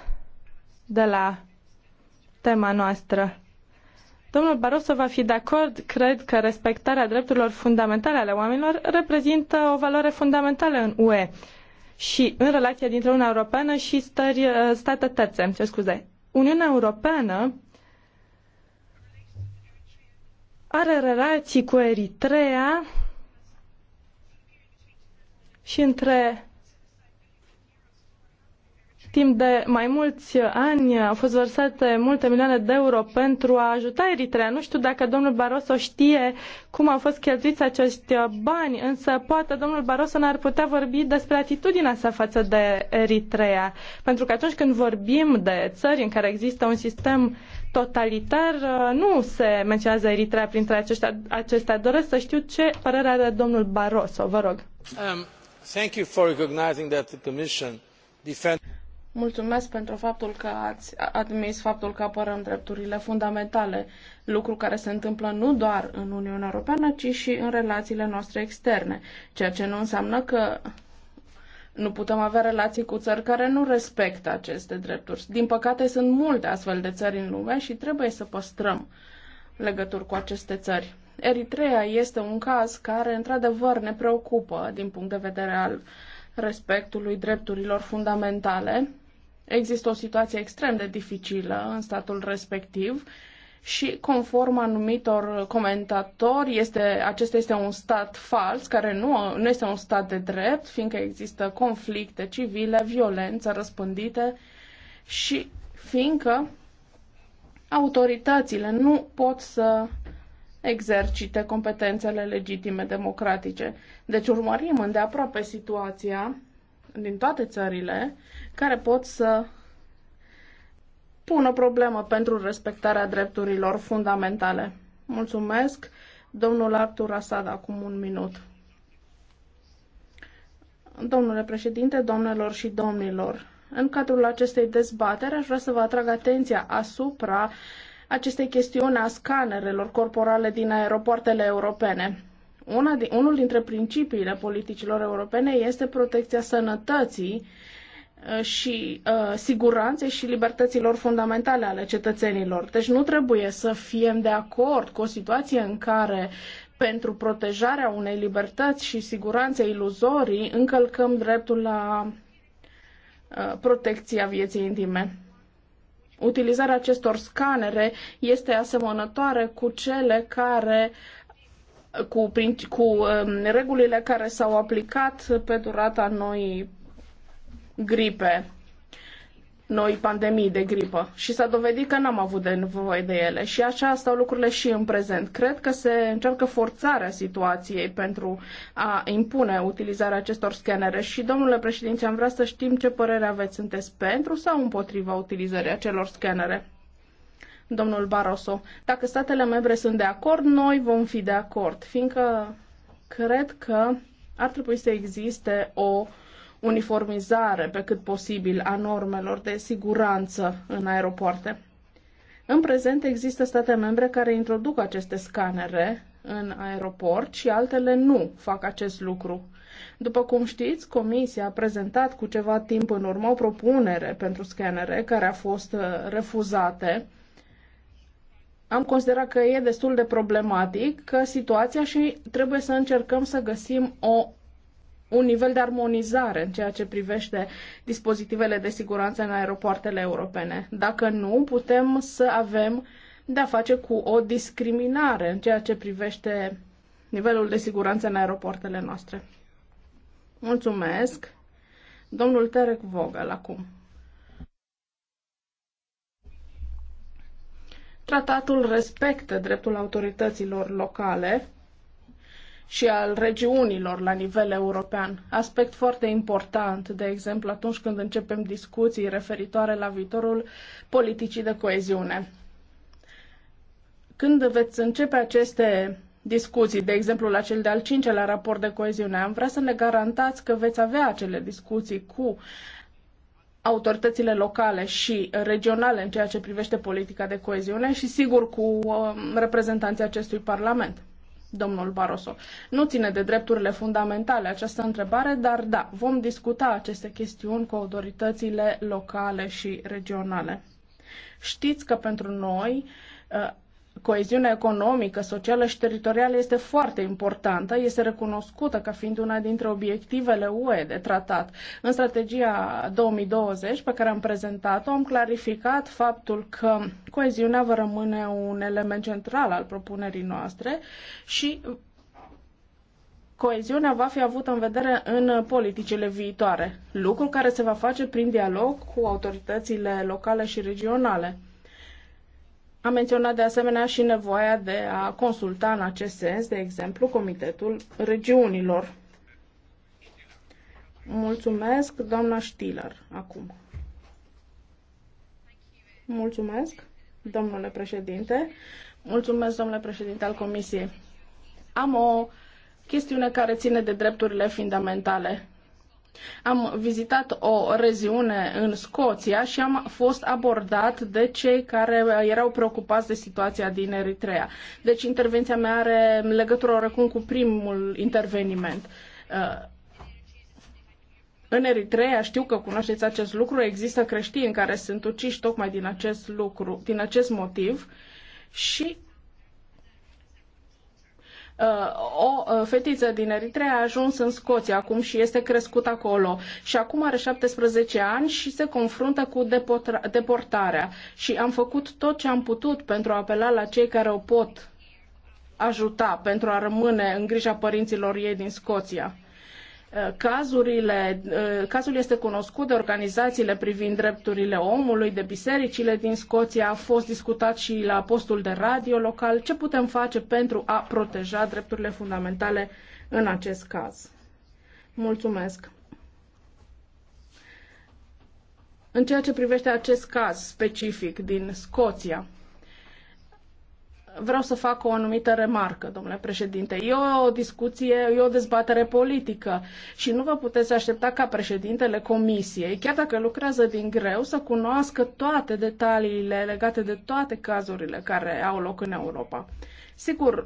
de la tema noastră. Domnul Barroso va fi de acord, cred că respectarea drepturilor fundamentale ale oamenilor reprezintă o valoare fundamentală în UE și în relația dintre Uniunea Europeană și stări, uh, state terțe. Ce scuze. Uniunea Europeană are relații cu Eritrea și între timp de mai mulți ani au fost vărsate multe milioane de euro pentru a ajuta Eritrea. Nu știu dacă domnul Barroso știe cum au fost cheltuiți acești bani, însă poate domnul Barroso n ar putea vorbi despre atitudinea sa față de Eritrea. Pentru că atunci când vorbim de țări în care există un sistem totalitar, nu se menționează Eritrea printre aceștia. acestea. Doresc să știu ce părere are domnul Barroso. Vă rog. Um. Mulțumesc pentru faptul că ați admis faptul că apărăm drepturile fundamentale, lucru care se întâmplă nu doar în Uniunea Europeană, ci și în relațiile noastre externe, ceea ce nu înseamnă că nu putem avea relații cu țări care nu respectă aceste drepturi. Din păcate, sunt multe astfel de țări în lume și trebuie să păstrăm legături cu aceste țări. Eritrea este un caz care, într-adevăr, ne preocupă din punct de vedere al respectului drepturilor fundamentale. Există o situație extrem de dificilă în statul respectiv și, conform anumitor comentatori, este, acesta este un stat fals, care nu, nu este un stat de drept, fiindcă există conflicte civile, violență răspândite și fiindcă autoritățile nu pot să exercite competențele legitime democratice. Deci urmărim îndeaproape situația din toate țările care pot să pună problemă pentru respectarea drepturilor fundamentale. Mulțumesc. Domnul Artur Asad, acum un minut. Domnule președinte, domnilor și domnilor, în cadrul acestei dezbateri aș vrea să vă atrag atenția asupra acestei chestiuni a scanerelor corporale din aeropoartele europene. Una din, unul dintre principiile politicilor europene este protecția sănătății uh, și uh, siguranței și libertăților fundamentale ale cetățenilor. Deci nu trebuie să fim de acord cu o situație în care pentru protejarea unei libertăți și siguranțe iluzorii încălcăm dreptul la uh, protecția vieții intime utilizarea acestor scanere este asemănătoare cu cele care cu, cu um, regulile care s-au aplicat pe durata noii gripe noi pandemii de gripă și s-a dovedit că n-am avut de nevoie de ele și așa stau lucrurile și în prezent. Cred că se încearcă forțarea situației pentru a impune utilizarea acestor scanere și, domnule președinte, am vrea să știm ce părere aveți, sunteți pentru sau împotriva utilizării acelor scanere? Domnul Barroso, dacă statele membre sunt de acord, noi vom fi de acord, fiindcă cred că ar trebui să existe o uniformizare pe cât posibil a normelor de siguranță în aeropoarte. În prezent există state membre care introduc aceste scanere în aeroport și altele nu fac acest lucru. După cum știți, Comisia a prezentat cu ceva timp în urmă o propunere pentru scanere care a fost uh, refuzate. Am considerat că e destul de problematic că situația și trebuie să încercăm să găsim o un nivel de armonizare în ceea ce privește dispozitivele de siguranță în aeropoartele europene. Dacă nu, putem să avem de-a face cu o discriminare în ceea ce privește nivelul de siguranță în aeropoartele noastre. Mulțumesc. Domnul Terek Vogel acum. Tratatul respectă dreptul autorităților locale și al regiunilor la nivel european. Aspect foarte important, de exemplu, atunci când începem discuții referitoare la viitorul politicii de coeziune. Când veți începe aceste discuții, de exemplu la cel de-al cincelea raport de coeziune, am vrea să ne garantați că veți avea acele discuții cu autoritățile locale și regionale în ceea ce privește politica de coeziune și sigur cu um, reprezentanții acestui Parlament domnul Barroso. Nu ține de drepturile fundamentale această întrebare, dar da, vom discuta aceste chestiuni cu autoritățile locale și regionale. Știți că pentru noi uh, coeziunea economică, socială și teritorială este foarte importantă, este recunoscută ca fiind una dintre obiectivele UE de tratat. În strategia 2020 pe care am prezentat-o, am clarificat faptul că coeziunea va rămâne un element central al propunerii noastre și coeziunea va fi avută în vedere în politicile viitoare, lucru care se va face prin dialog cu autoritățile locale și regionale. Am menționat de asemenea și nevoia de a consulta în acest sens, de exemplu, Comitetul Regiunilor. Mulțumesc, doamna Stiller, acum. Mulțumesc, domnule președinte. Mulțumesc, domnule președinte al Comisiei. Am o chestiune care ține de drepturile fundamentale. Am vizitat o reziune în Scoția și am fost abordat de cei care erau preocupați de situația din Eritrea. Deci intervenția mea are legătură oricum cu primul interveniment. Uh, în Eritrea, știu că cunoașteți acest lucru, există creștini care sunt uciși tocmai din acest lucru, din acest motiv și Uh, o uh, fetiță din Eritrea a ajuns în Scoția acum și este crescut acolo și acum are 17 ani și se confruntă cu deportarea și am făcut tot ce am putut pentru a apela la cei care o pot ajuta pentru a rămâne în grija părinților ei din Scoția. Eh, cazurile, eh, cazul este cunoscut de organizațiile privind drepturile omului, de bisericile din Scoția, a fost discutat și la postul de radio local. Ce putem face pentru a proteja drepturile fundamentale în acest caz? Mulțumesc! În ceea ce privește acest caz specific din Scoția, vreau să fac o anumită remarcă, domnule președinte. E o discuție, e o dezbatere politică și nu vă puteți aștepta ca președintele comisiei, chiar dacă lucrează din greu, să cunoască toate detaliile legate de toate cazurile care au loc în Europa. Sigur,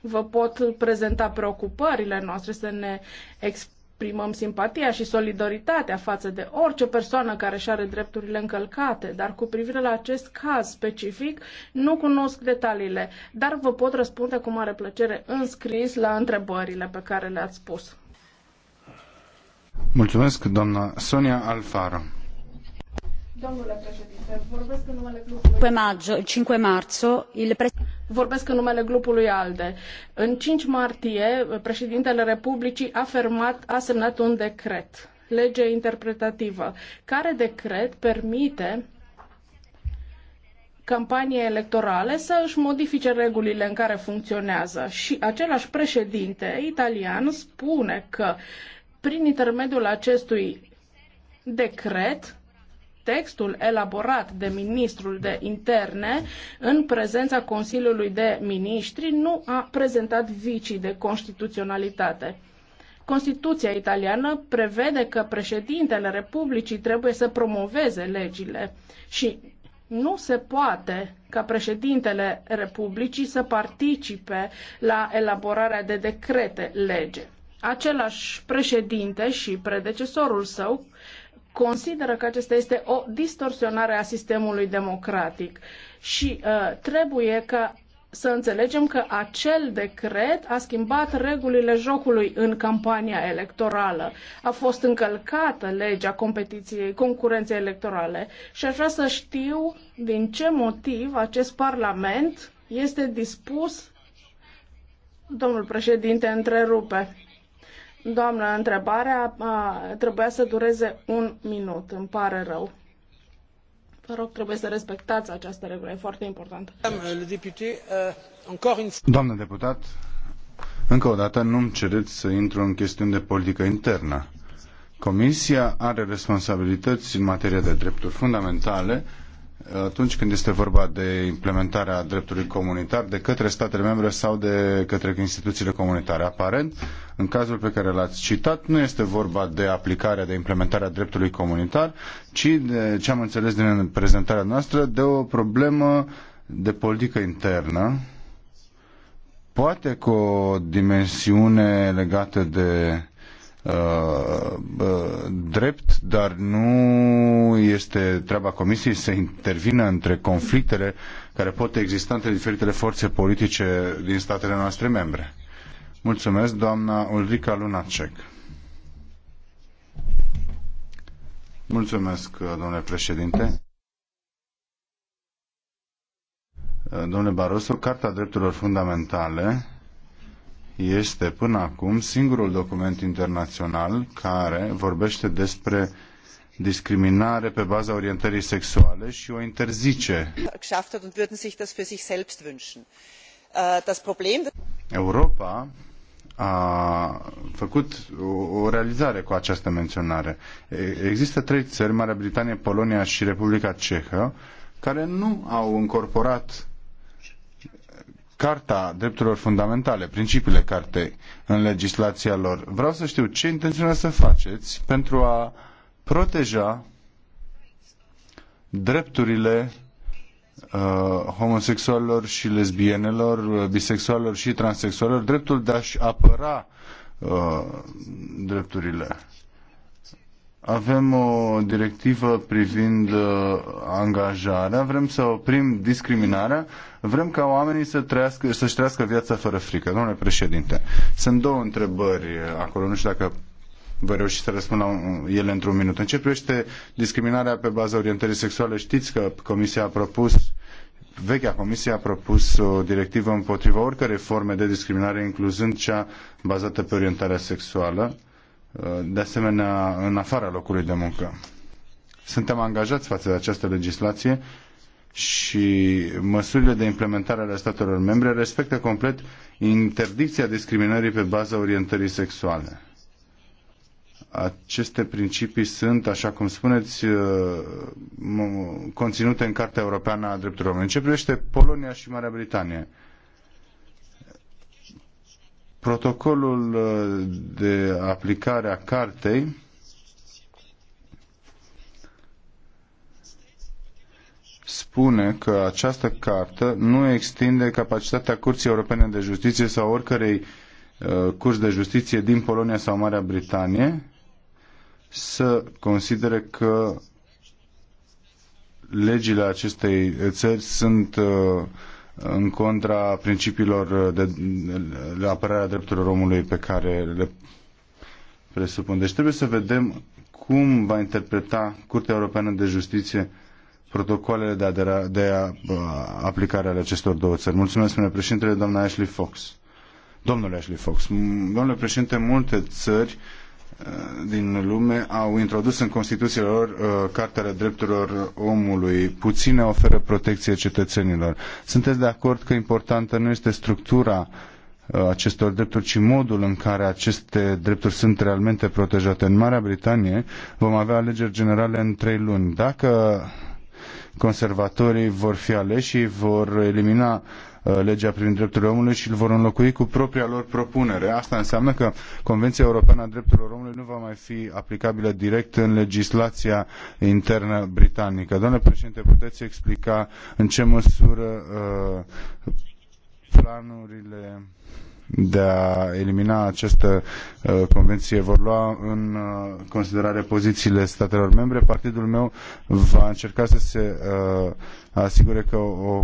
vă pot prezenta preocupările noastre, să ne exprimăm exprimăm simpatia și solidaritatea față de orice persoană care își are drepturile încălcate, dar cu privire la acest caz specific nu cunosc detaliile, dar vă pot răspunde cu mare plăcere în scris la întrebările pe care le-ați pus. Mulțumesc, doamna Sonia Alfaro vorbesc în numele grupului... 5 ALDE. În 5 martie, președintele Republicii a, semnat un decret, lege interpretativă, care decret permite campaniei electorale să îi modifice regulile în care funcționează. Și acelai președinte italian spune că prin intermediul acestui decret textul elaborat de ministrul de interne în prezența Consiliului de Ministri nu a prezentat vicii de constituționalitate. Constituția italiană prevede că președintele Republicii trebuie să promoveze legile și nu se poate ca președintele Republicii să participe la elaborarea de decrete lege. Același președinte și predecesorul său consideră că acesta este o distorsionare a sistemului democratic și uh, trebuie ca să înțelegem că acel decret a schimbat regulile jocului în campania electorală. A fost încălcată legea competiției, concurenței electorale și aș vrea să știu din ce motiv acest Parlament este dispus. Domnul președinte, întrerupe. Doamnă, întrebarea a, trebuia să dureze un minut. Îmi pare rău. Vă rog, trebuie să respectați această regulă. E foarte importantă. Doamnă uh, deputat, încă o dată nu-mi cereți să intru în chestiuni de politică internă. Comisia are responsabilități în materie de drepturi fundamentale atunci când este vorba de implementarea dreptului comunitar de către statele membre sau de către instituțiile comunitare. Aparent, în cazul pe care l-ați citat, nu este vorba de aplicarea, de implementarea dreptului comunitar, ci, de ce am înțeles din prezentarea noastră, de o problemă de politică internă, poate cu o dimensiune legată de Uh, uh, drept, dar nu este treaba Comisiei să intervină între conflictele care pot exista între diferitele forțe politice din statele noastre membre. Mulțumesc, doamna Ulrica Lunacek. Mulțumesc, domnule președinte. Uh, domnule Barroso, Carta Drepturilor Fundamentale este până acum singurul document internațional care vorbește despre discriminare pe baza orientării sexuale și o interzice. Äh, Europa a făcut o realizare cu această menționare. Există trei țări, Marea Britanie, Polonia și Republica Cehă, care nu au incorporat Carta Drepturilor Fundamentale, principiile cartei în legislația lor. Vreau să știu ce intenționați să faceți pentru a proteja drepturile uh, homosexualilor și lesbienelor, uh, bisexualilor și transexualilor, dreptul de a-și apăra uh, drepturile. Avem o directivă privind uh, angajarea, vrem să oprim discriminarea, vrem ca oamenii să trăiască, să-și trăiască viața fără frică. Domnule președinte, sunt două întrebări acolo, nu știu dacă vă reușiți să răspund la ele într-un minut. În ce privește discriminarea pe baza orientării sexuale, știți că Comisia a propus Vechea comisie a propus o directivă împotriva oricărei forme de discriminare, incluzând cea bazată pe orientarea sexuală. Uh, de asemenea în afara locului de muncă. Suntem angajați față de această legislație și măsurile de implementare ale statelor membre respectă complet interdicția discriminării pe baza orientării sexuale. Aceste principii sunt, așa cum spuneți, uh, conținute în Cartea Europeană a Drepturilor Omului. În ce privește Polonia și Marea Britanie, protocolul uh, de aplicare a cartei spune că această carte nu extinde capacitatea Curții Europene de Justiție sau oricărei uh, curs de justiție din Polonia sau Marea Britanie să considere că legile acestei țări sunt uh, în contra principiilor de, de apărare a drepturilor omului pe care le presupun. Deci trebuie să vedem cum va interpreta Curtea Europeană de Justiție protocoalele de, adera, de a, aplicare ale acestor două țări. Mulțumesc, domnule președinte doamna Ashley Fox. Domnule Ashley Fox, domnule președinte, multe țări Uh, din lume au introdus în constituția lor uh, drepturilor omului. Puține oferă protecție cetățenilor. Sunteți de acord că importantă nu este structura uh, acestor drepturi, ci modul în care aceste drepturi sunt realmente protejate. În Marea Britanie vom avea alegeri generale în trei luni. Dacă conservatorii vor fi aleși și vor elimina Uh, legea privind drepturile omului și îl vor înlocui cu propria lor propunere. Asta înseamnă că Convenția Europeană a Drepturilor Omului nu va mai fi aplicabilă direct în legislația internă britanică. Domnule președinte, puteți explica în ce măsură uh, planurile de a elimina această uh, convenție vor lua în uh, considerare pozițiile statelor membre. Partidul meu va încerca să se uh, asigure că o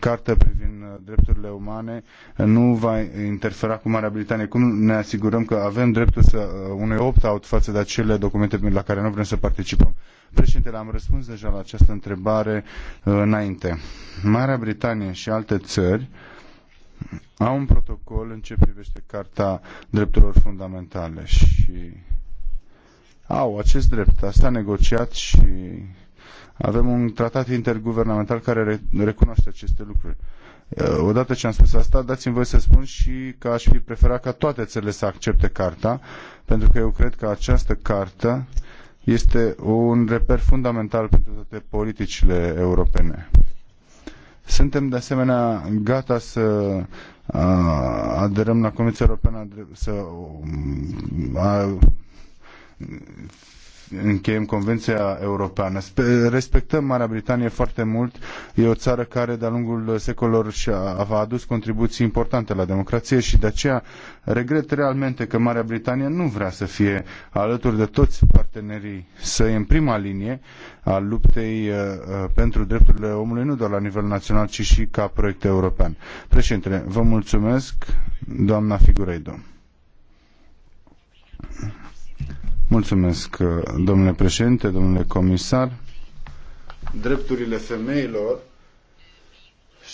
Carta privind uh, drepturile umane uh, nu va interfera cu Marea Britanie. Cum ne asigurăm că avem dreptul să uh, unui opt-out față de acele documente la care nu vrem să participăm? Președintele, am răspuns deja la această întrebare înainte. Marea Britanie și alte țări au un protocol în ce privește Carta Drepturilor Fundamentale și au acest drept. Asta a negociat și avem un tratat interguvernamental care recunoaște aceste lucruri. Uh, odată ce am spus asta, dați-mi voi să spun și că aș fi preferat ca toate țările să accepte carta, pentru că eu cred că această carte este un reper fundamental pentru toate politicile europene. Suntem de asemenea gata să uh, aderăm la Comisia Europeană, să um, încheiem Convenția Europeană. Respectăm Marea Britanie foarte mult. E o țară care de-a lungul secolor și-a adus contribuții importante la democrație și de aceea regret realmente că Marea Britanie nu vrea să fie alături de toți partenerii săi în prima linie a luptei uh, uh, pentru drepturile omului, nu doar la nivel național, ci și ca proiect european. Președintele, vă mulțumesc, doamna Figureido. Mulțumesc, domnule președinte, domnule comisar. Drepturile femeilor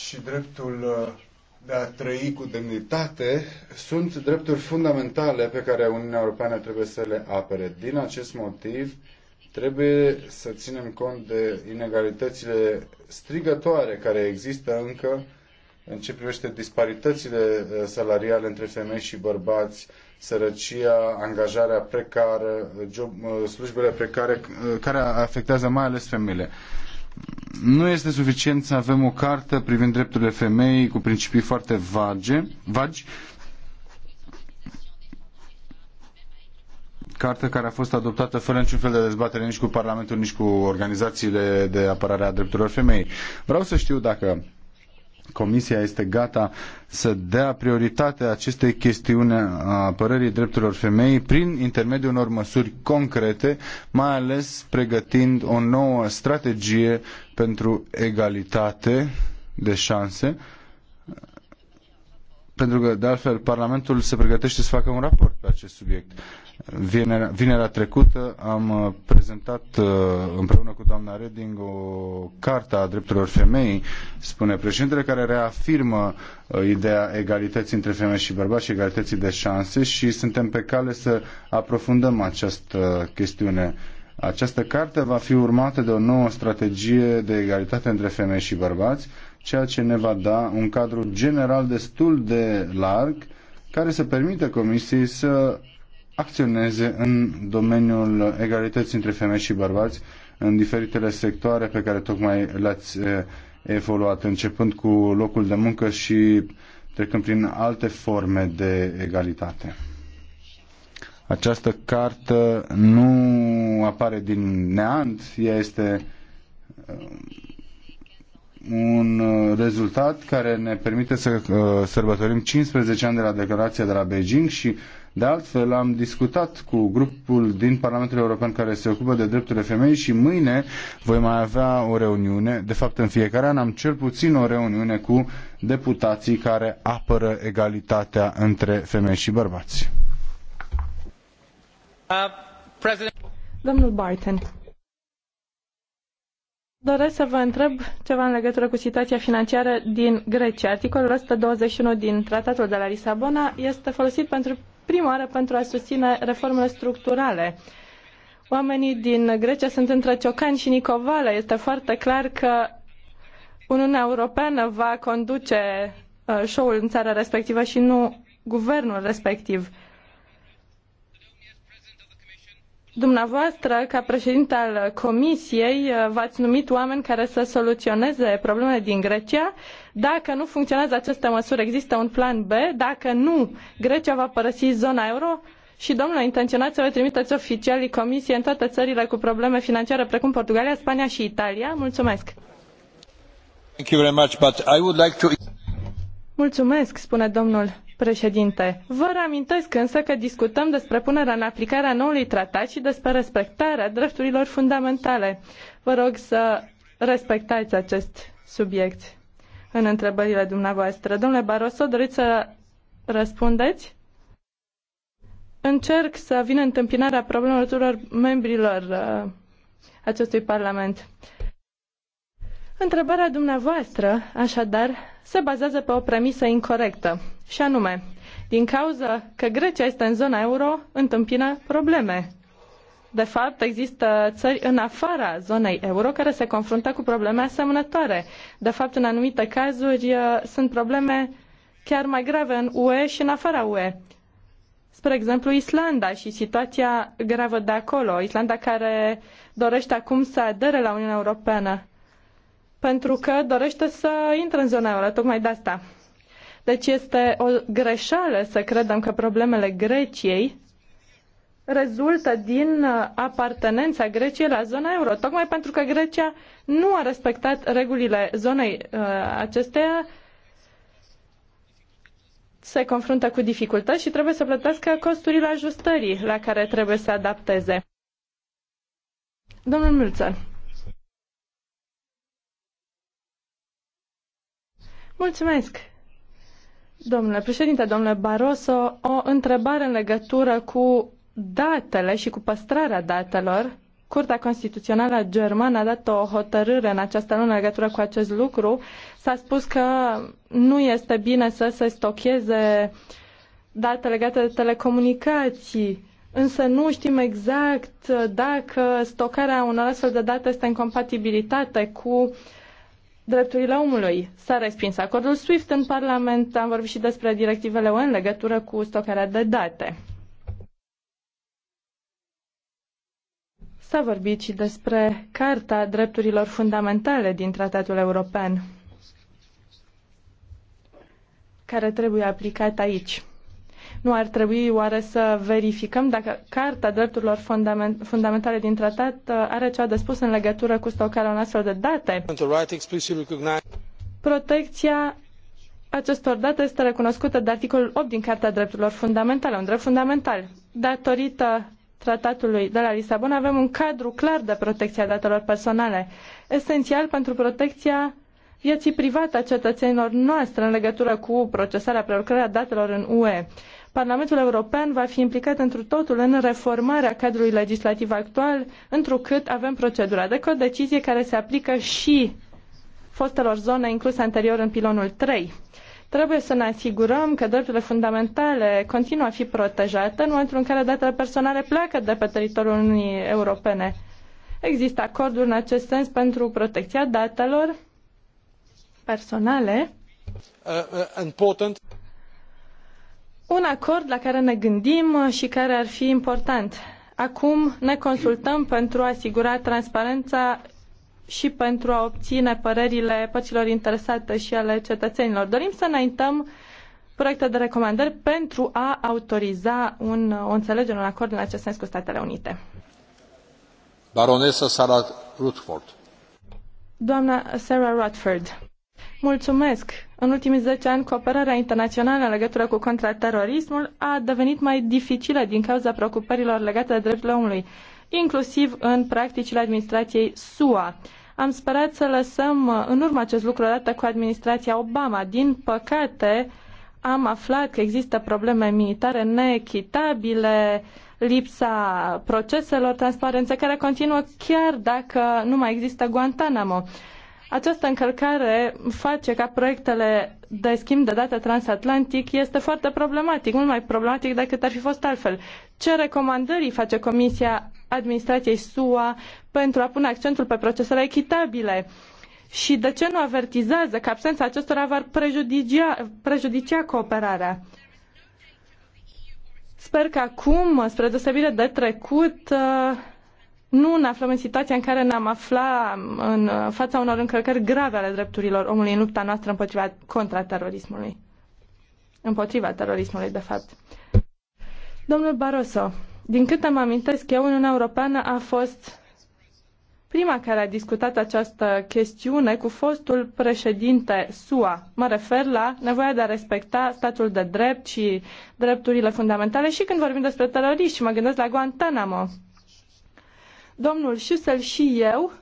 și dreptul uh, de a trăi cu demnitate sunt drepturi fundamentale pe care Uniunea Europeană trebuie să le apere. Din acest motiv, trebuie să ținem cont de inegalitățile strigătoare care există încă în ce privește disparitățile uh, salariale între femei și bărbați, sărăcia, angajarea precară, job, uh, slujbele precare, uh, care afectează mai ales femeile. Nu este suficient să avem o carte privind drepturile femeii cu principii foarte vage, vagi, carte care a fost adoptată fără niciun fel de dezbatere nici cu Parlamentul, nici cu organizațiile de apărare a drepturilor femeii. Vreau să știu dacă Comisia este gata să dea prioritate acestei chestiuni a apărării drepturilor femeii prin intermediul unor măsuri concrete, mai ales pregătind o nouă strategie pentru egalitate de șanse, pentru că, de altfel, Parlamentul se pregătește să facă un raport pe acest subiect. Vinerea, vinerea trecută am uh, prezentat uh, împreună cu doamna Reding o carte a drepturilor femeii, spune președintele, care reafirmă uh, ideea egalității între femei și bărbați și egalității de șanse și suntem pe cale să aprofundăm această chestiune. Această carte va fi urmată de o nouă strategie de egalitate între femei și bărbați, ceea ce ne va da un cadru general destul de larg care să permită Comisiei să acționeze în domeniul egalității între femei și bărbați în diferitele sectoare pe care tocmai le-ați eh, evoluat, începând cu locul de muncă și trecând prin alte forme de egalitate. Această carte nu apare din neant, ea este eh, un rezultat care ne permite să eh, sărbătorim 15 ani de la declarația de la Beijing și de altfel, am discutat cu grupul din Parlamentul European care se ocupă de drepturile femei și mâine voi mai avea o reuniune. De fapt, în fiecare an am cel puțin o reuniune cu deputații care apără egalitatea între femei și bărbați. Uh, Domnul Barton. Doresc să vă întreb ceva în legătură cu situația financiară din Grecia. Articolul 121 din Tratatul de la Lisabona este folosit pentru prima oară pentru a susține reformele structurale. Oamenii din Grecia sunt între Ciocani și Nicovală. Este foarte clar că Uniunea Europeană va conduce uh, show-ul în țara respectivă și nu guvernul respectiv. Dumneavoastră, ca președinte al Comisiei, uh, v-ați numit oameni care să soluționeze problemele din Grecia. Dacă nu funcționează aceste măsuri, există un plan B. Dacă nu, Grecia va părăsi zona euro. Și, domnule, intenționați să vă trimiteți oficialii Comisiei în toate țările cu probleme financiare, precum Portugalia, Spania și Italia. Mulțumesc! Mulțumesc, spune domnul Președinte, vă reamintesc însă că discutăm despre punerea în aplicare a noului tratat și despre respectarea drepturilor fundamentale. Vă rog să respectați acest subiect în întrebările dumneavoastră. Domnule Barroso, doriți să răspundeți? Încerc să vin întâmpinarea problemelor tuturor membrilor uh, acestui Parlament. Întrebarea dumneavoastră, așadar, se bazează pe o premisă incorrectă. Și anume, din cauza că Grecia este în zona euro, întâmpină probleme. De fapt, există țări în afara zonei euro care se confruntă cu probleme asemănătoare. De fapt, în anumite cazuri uh, sunt probleme chiar mai grave în UE și în afara UE. Spre exemplu, Islanda și situația gravă de acolo. Islanda care dorește acum să adere la Uniunea Europeană pentru că dorește să intre în zona euro, tocmai de asta. Deci este o greșeală să credem că problemele Greciei rezultă din uh, apartenența Greciei la zona euro, tocmai pentru că Grecia nu a respectat regulile zonei uh, acesteia se confruntă cu dificultăți și trebuie să plătească costurile ajustării la care trebuie să adapteze. Domnul Mulțăr. Mulțumesc! Domnule președinte, domnule Barroso, o întrebare în legătură cu datele și cu păstrarea datelor. Curtea Constituțională Germană a dat o hotărâre în această lună în legătură cu acest lucru. S-a spus că nu este bine să se stocheze date legate de telecomunicații, însă nu știm exact dacă stocarea unor astfel de date este în compatibilitate cu uh, drepturile omului. S-a respins acordul SWIFT în Parlament, am vorbit și despre directivele UE în legătură cu stocarea de date. S-a vorbit și despre Carta Drepturilor Fundamentale din Tratatul European, care trebuie aplicată aici. Nu ar trebui oare să verificăm dacă Carta Drepturilor Fundament Fundamentale din tratat uh, are cea de spus în legătură cu stocarea unor astfel de date? Protecția acestor date este recunoscută de articolul 8 din Carta Drepturilor Fundamentale, un drept fundamental. Datorită tratatului de la Lisabona avem un cadru clar de protecție a datelor personale, esențial pentru protecția vieții private a cetățenilor noastre în legătură cu procesarea prelucrarea datelor în UE. Parlamentul European va fi implicat întru totul în reformarea cadrului legislativ actual, întrucât avem procedura de codecizie care se aplică și fostelor zone incluse anterior în pilonul 3. Trebuie să ne asigurăm că drepturile fundamentale continuă a fi protejate în momentul în care datele personale pleacă de pe teritoriul Uniunii Europene. Există acorduri în acest sens pentru protecția datelor personale. Uh, uh, important un acord la care ne gândim uh, și care ar fi important. Acum ne consultăm pentru a asigura transparența și pentru a obține părerile părților interesate și ale cetățenilor. Dorim să înaintăm proiecte de recomandări pentru a autoriza un, uh, o înțelegere, un acord în acest sens cu Statele Unite. Baronesa Sarah Rutford. Doamna Sarah Rutford. Mulțumesc! În ultimii 10 ani, cooperarea internațională în legătură cu contraterorismul a devenit mai dificilă din cauza preocupărilor legate de drepturile omului, inclusiv în practicile administrației SUA. Am sperat să lăsăm uh, în urmă acest lucru odată cu administrația Obama. Din păcate, am aflat că există probleme militare neechitabile, lipsa proceselor transparențe care continuă chiar dacă nu mai există Guantanamo. Această încălcare face ca proiectele de schimb de date transatlantic este foarte problematic, mult mai problematic decât ar fi fost altfel. Ce recomandări face Comisia Administrației SUA pentru a pune accentul pe procesele echitabile? Și de ce nu avertizează că absența acestora va prejudicia, prejudicia cooperarea? Sper că acum, spre deosebire de trecut, uh, nu ne aflăm în situația în care ne-am aflat în fața unor încălcări grave ale drepturilor omului în lupta noastră împotriva contra terorismului. Împotriva terorismului, de fapt. Domnul Barroso, din câte mă amintesc eu, Uniunea Europeană a fost prima care a discutat această chestiune cu fostul președinte SUA. Mă refer la nevoia de a respecta statul de drept și drepturile fundamentale și când vorbim despre teroriști, mă gândesc la Guantanamo Domnul Schussel și eu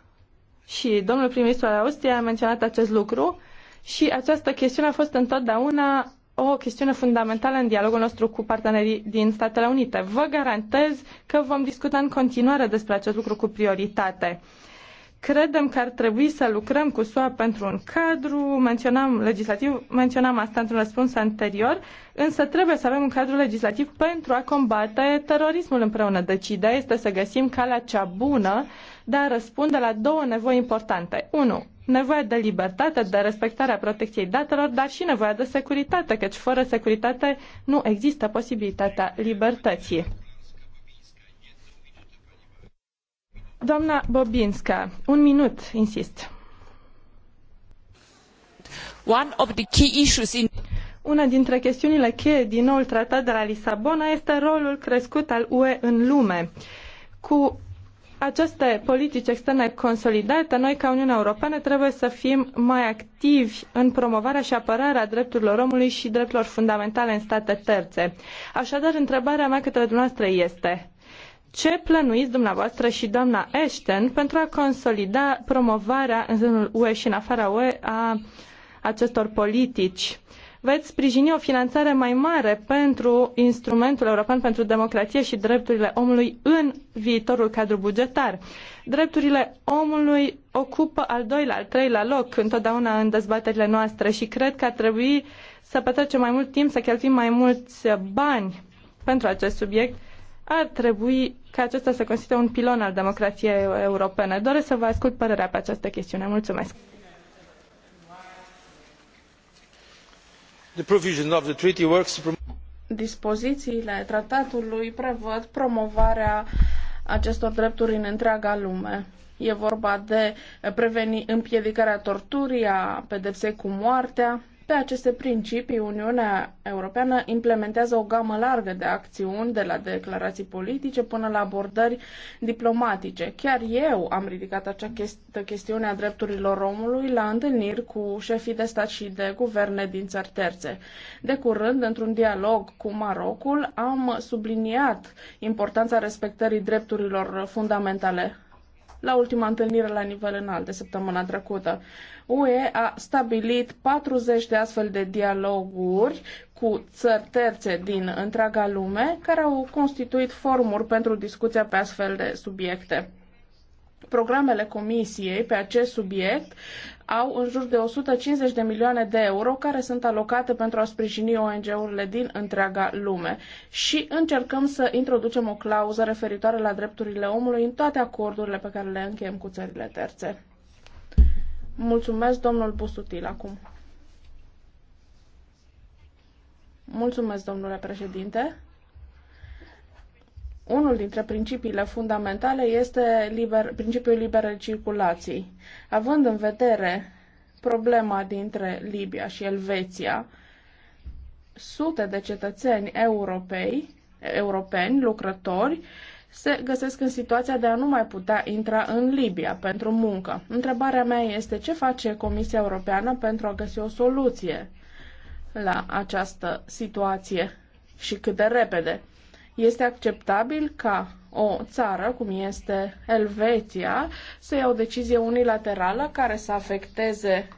și domnul prim-ministru al Austriei a menționat acest lucru și această chestiune a fost întotdeauna o chestiune fundamentală în dialogul nostru cu partenerii din Statele Unite. Vă garantez că vom discuta în continuare despre acest lucru cu prioritate. Uh, Credem că ar trebui să lucrăm cu SUA pentru un cadru, menționam legislativ, menționam asta într-un răspuns anterior, însă trebuie să avem un cadru legislativ pentru a combate terorismul împreună. Deci ideea este să găsim calea cea bună de a răspunde la două nevoi importante. Unu, nevoia de libertate, de respectarea protecției datelor, dar și nevoia de securitate, căci fără securitate nu există posibilitatea libertății. Doamna Bobinska, un minut, insist. One of the key issues in... Una dintre chestiunile cheie din noul tratat de la Lisabona este rolul crescut al UE în lume. Cu aceste politici externe consolidate, noi ca Uniunea Europeană trebuie să fim mai activi în promovarea și apărarea drepturilor omului și drepturilor fundamentale în state terțe. Așadar, întrebarea mea către dumneavoastră este, ce plănuiți dumneavoastră și doamna Ashton pentru a consolida promovarea în zonul UE și în afara UE a acestor politici? Veți sprijini o finanțare mai mare pentru instrumentul european pentru democrație și drepturile omului în viitorul cadru bugetar. Drepturile omului ocupă al doilea, al treilea loc întotdeauna în dezbaterile noastre și cred că ar trebui să petrecem mai mult timp, să cheltuim mai mulți bani pentru acest subiect ar trebui că acesta se consideră un pilon al democrației europene. Doresc să vă ascult părerea pe această chestiune. Mulțumesc. Dispozițiile tratatului prevăd promovarea acestor drepturi în întreaga lume. E vorba de preveni împiedicarea torturii, a pedepsei cu moartea, pe aceste principii, Uniunea Europeană implementează o gamă largă de acțiuni, de la declarații politice până la abordări diplomatice. Chiar eu am ridicat această chestiune a drepturilor omului la întâlniri cu șefii de stat și de guverne din țări terțe. De curând, într-un dialog cu Marocul, am subliniat importanța respectării drepturilor fundamentale la ultima întâlnire la nivel înalt de săptămâna trecută. UE a stabilit 40 de astfel de dialoguri cu țări terțe din întreaga lume, care au constituit formuri pentru discuția pe astfel de subiecte programele Comisiei pe acest subiect au în jur de 150 de milioane de euro care sunt alocate pentru a sprijini ONG-urile din întreaga lume și încercăm să introducem o clauză referitoare la drepturile omului în toate acordurile pe care le încheiem cu țările terțe. Mulțumesc, domnul Busutil, acum. Mulțumesc, domnule președinte. Unul dintre principiile fundamentale este liber, principiul liberei circulații. Având în vedere problema dintre Libia și Elveția, sute de cetățeni europei, europeni, lucrători, se găsesc în situația de a nu mai putea intra în Libia pentru muncă. Întrebarea mea este ce face Comisia Europeană pentru a găsi o soluție la această situație și cât de repede. Este acceptabil ca o țară, cum este Elveția, să ia o decizie unilaterală care să afecteze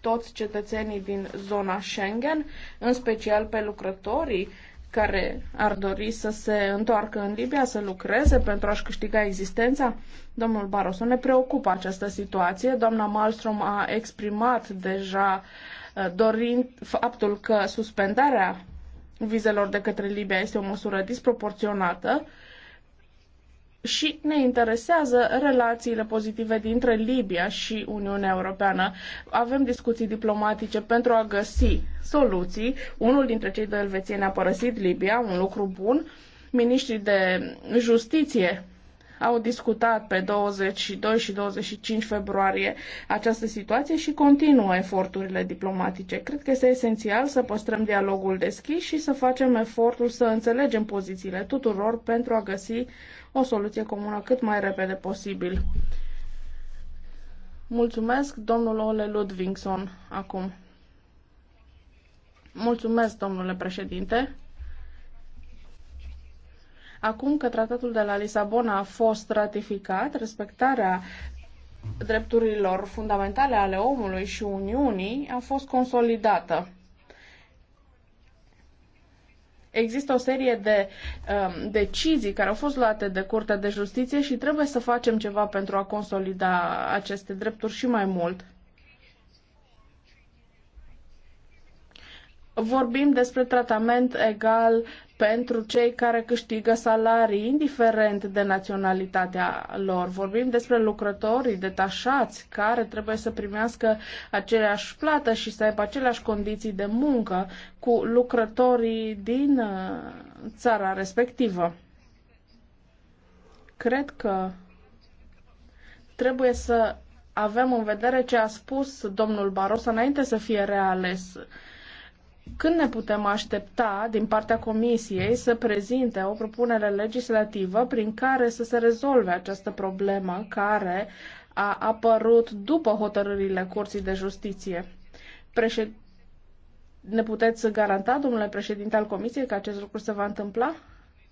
toți cetățenii din zona Schengen, în special pe lucrătorii care ar dori să se întoarcă în Libia să lucreze pentru a-și câștiga existența? Domnul Barroso, ne preocupă această situație. Doamna Malmström a exprimat deja uh, dorind faptul că suspendarea vizelor de către Libia este o măsură disproporționată și ne interesează relațiile pozitive dintre Libia și Uniunea Europeană. Avem discuții diplomatice pentru a găsi soluții. Unul dintre cei doi elvețieni a părăsit Libia, un lucru bun. Ministrii de justiție au discutat pe 22 și 25 februarie această situație și continuă eforturile diplomatice. Cred că este esențial să păstrăm dialogul deschis și să facem efortul să înțelegem pozițiile tuturor pentru a găsi o soluție comună cât mai repede posibil. Mulțumesc, domnul Ole Ludvingson, acum. Mulțumesc, domnule președinte. Acum că tratatul de la Lisabona a fost ratificat, respectarea drepturilor fundamentale ale omului și Uniunii a fost consolidată. Există o serie de um, decizii care au fost luate de Curtea de Justiție și trebuie să facem ceva pentru a consolida aceste drepturi și mai mult. vorbim despre tratament egal pentru cei care câștigă salarii, indiferent de naționalitatea lor. Vorbim despre lucrătorii detașați care trebuie să primească aceleași plată și să aibă aceleași condiții de muncă cu lucrătorii din uh, țara respectivă. Cred că trebuie să avem în vedere ce a spus domnul Barroso înainte să fie reales când ne putem aștepta din partea Comisiei să prezinte o propunere legislativă prin care să se rezolve această problemă care a apărut după hotărârile Curții de Justiție? Președ... Ne puteți garanta, domnule președinte al Comisiei, că acest lucru se va întâmpla?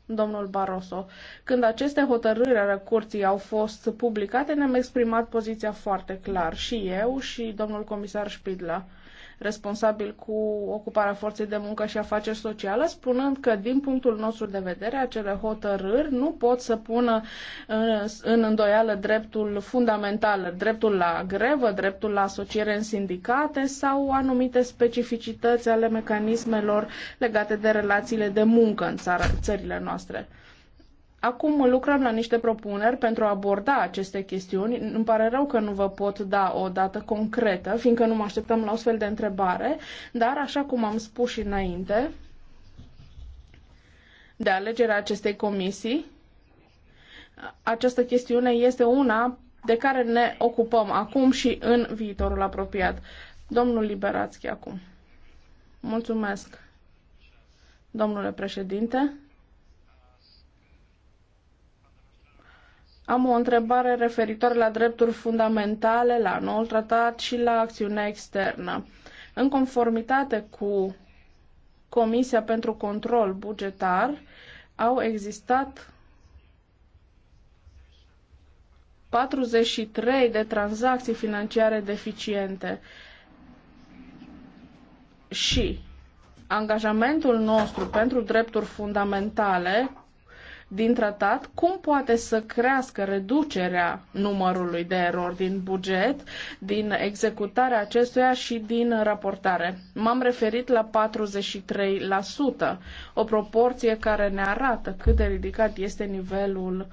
Domnul Barroso, când aceste hotărâri ale curții au fost publicate, ne-am exprimat poziția foarte clar și eu și domnul comisar Spidla responsabil cu ocuparea forței de muncă și afaceri sociale, spunând că, din punctul nostru de vedere, acele hotărâri nu pot să pună în, uh, în îndoială dreptul fundamental, dreptul la grevă, dreptul la asociere în sindicate sau anumite specificități ale mecanismelor legate de relațiile de muncă în țara, țările noastre. Acum lucrăm la niște propuneri pentru a aborda aceste chestiuni. Îmi pare rău că nu vă pot da o dată concretă, fiindcă nu mă așteptăm la o astfel de întrebare, dar așa cum am spus și înainte, de alegerea acestei comisii, această chestiune este una de care ne ocupăm acum și în viitorul apropiat. Domnul Liberațchi acum. Mulțumesc, domnule președinte. Am o întrebare referitoare la drepturi fundamentale, la noul tratat și la acțiunea externă. În conformitate cu Comisia pentru Control Bugetar, au existat 43 de tranzacții financiare deficiente și angajamentul nostru pentru drepturi fundamentale din tratat cum poate să crească reducerea numărului de erori din buget, din executarea acestuia și din raportare. M-am referit la 43%, o proporție care ne arată cât de ridicat este nivelul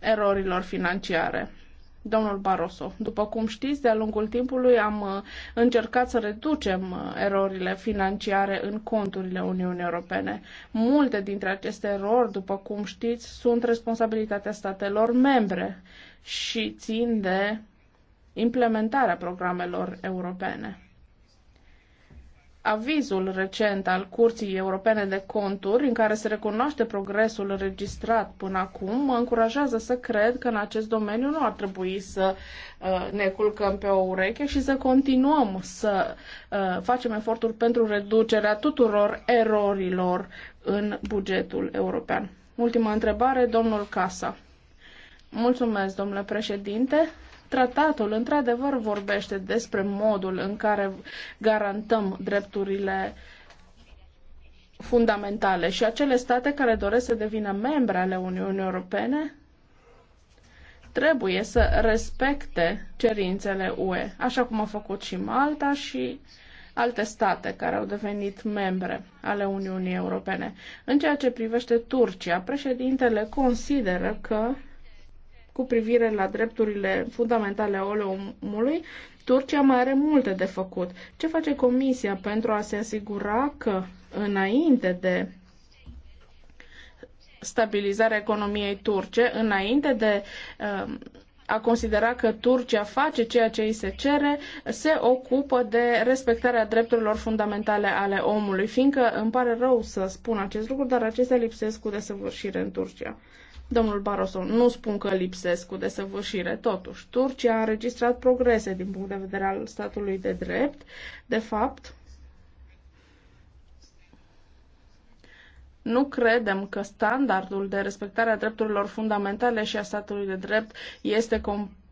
erorilor financiare domnul Barroso. După cum știți, de-a lungul timpului am uh, încercat să reducem uh, erorile financiare în conturile Uniunii Europene. Multe dintre aceste erori, după cum știți, sunt responsabilitatea statelor membre și țin de implementarea programelor europene avizul recent al Curții Europene de Conturi, în care se recunoaște progresul înregistrat până acum, mă încurajează să cred că în acest domeniu nu ar trebui să uh, ne culcăm pe o ureche și să continuăm să uh, facem eforturi pentru reducerea tuturor erorilor în bugetul european. Ultima întrebare, domnul Casa. Mulțumesc, domnule președinte. Tratatul, într-adevăr, vorbește despre modul în care garantăm drepturile fundamentale și acele state care doresc să devină membre ale Uniunii Europene trebuie să respecte cerințele UE, așa cum a făcut și Malta și alte state care au devenit membre ale Uniunii Europene. În ceea ce privește Turcia, președintele consideră că cu privire la drepturile fundamentale ale omului, Turcia mai are multe de făcut. Ce face Comisia pentru a se asigura că înainte de stabilizarea economiei turce, înainte de uh, a considera că Turcia face ceea ce îi se cere, se ocupă de respectarea drepturilor fundamentale ale omului, fiindcă îmi pare rău să spun acest lucru, dar acestea lipsesc cu desăvârșire în Turcia. Domnul Barroso, nu spun că lipsesc cu desăvârșire, totuși, Turcia a înregistrat progrese din punct de vedere al statului de drept. De fapt, Nu credem că standardul de respectare a drepturilor fundamentale și a statului de drept este comp-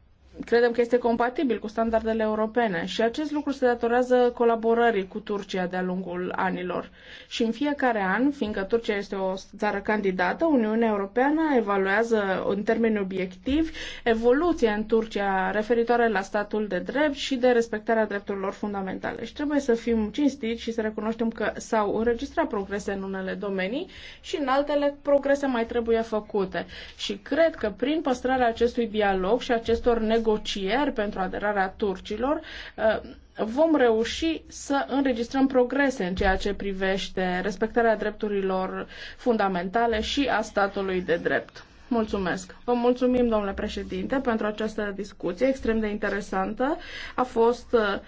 credem că este compatibil cu standardele europene și acest lucru se datorează colaborării cu Turcia de-a lungul anilor. Și în fiecare an, fiindcă Turcia este o țară candidată, Uniunea Europeană evaluează în termeni obiectivi evoluția în Turcia referitoare la statul de drept și de respectarea drepturilor fundamentale. Și trebuie să fim cinstiti și să recunoaștem că s-au înregistrat progrese în unele domenii și în altele progrese mai trebuie făcute. Și cred că prin păstrarea acestui dialog și acestor negocieri negocieri pentru aderarea turcilor, uh, vom reuși să înregistrăm progrese în ceea ce privește respectarea drepturilor fundamentale și a statului de drept. Mulțumesc. Vă mulțumim, domnule președinte, pentru această discuție extrem de interesantă. A fost uh,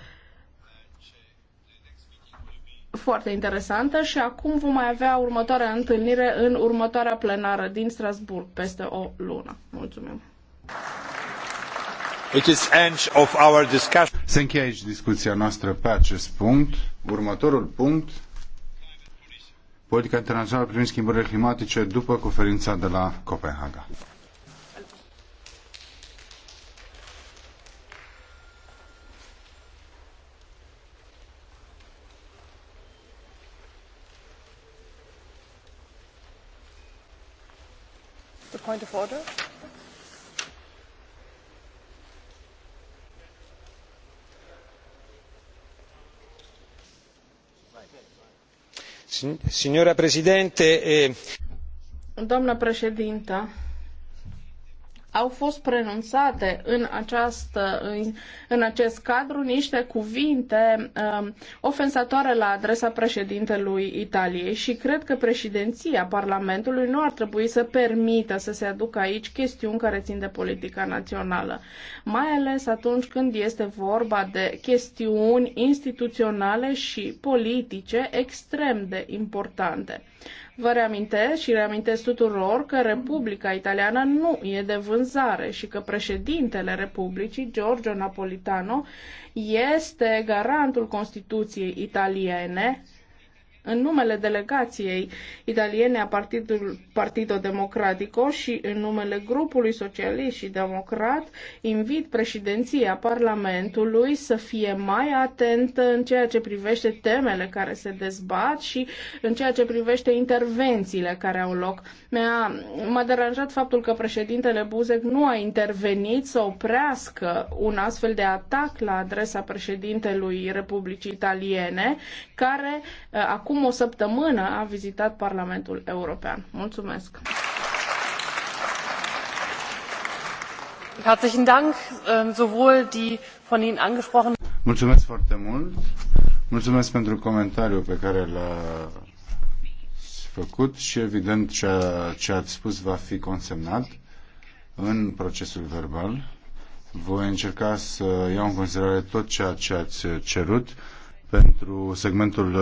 foarte interesantă și acum vom mai avea următoarea întâlnire în următoarea plenară din Strasburg peste o lună. Mulțumim. Se încheie aici discuția noastră pe acest punct. Următorul punct, politica internațională privind schimbările climatice după conferința de la Copenhaga. The point of order? Signora Presidente. Eh, Doamnă președintă, au fost prenunțate în, această, în, în acest cadru niște cuvinte uh, ofensatoare la adresa președintelui Italiei și cred că președinția Parlamentului nu ar trebui să permită să se aducă aici chestiuni care țin de politica națională, mai ales atunci când este vorba de chestiuni instituționale și politice extrem de importante. Vă reamintesc și reamintesc tuturor că Republica Italiană nu e de vânzare și că președintele Republicii, Giorgio Napolitano, este garantul Constituției italiene în numele delegației italiene a Partido Democratico și în numele grupului socialist și democrat, invit președinția Parlamentului să fie mai atentă în ceea ce privește temele care se dezbat și în ceea ce privește intervențiile care au loc. Mi-a, m-a deranjat faptul că președintele Buzek nu a intervenit să oprească un astfel de atac la adresa președintelui Republicii Italiene, care eh, acum acum o săptămână a vizitat Parlamentul European. Mulțumesc! Herzlichen Dank, ähm, sowohl die von Ihnen angesprochenen. Mulțumesc foarte mult. Mulțumesc pentru comentariul pe care l-a făcut și evident ceea ce ați spus va fi consemnat în procesul verbal. Voi încerca să iau în considerare tot ceea ce ați cerut pentru segmentul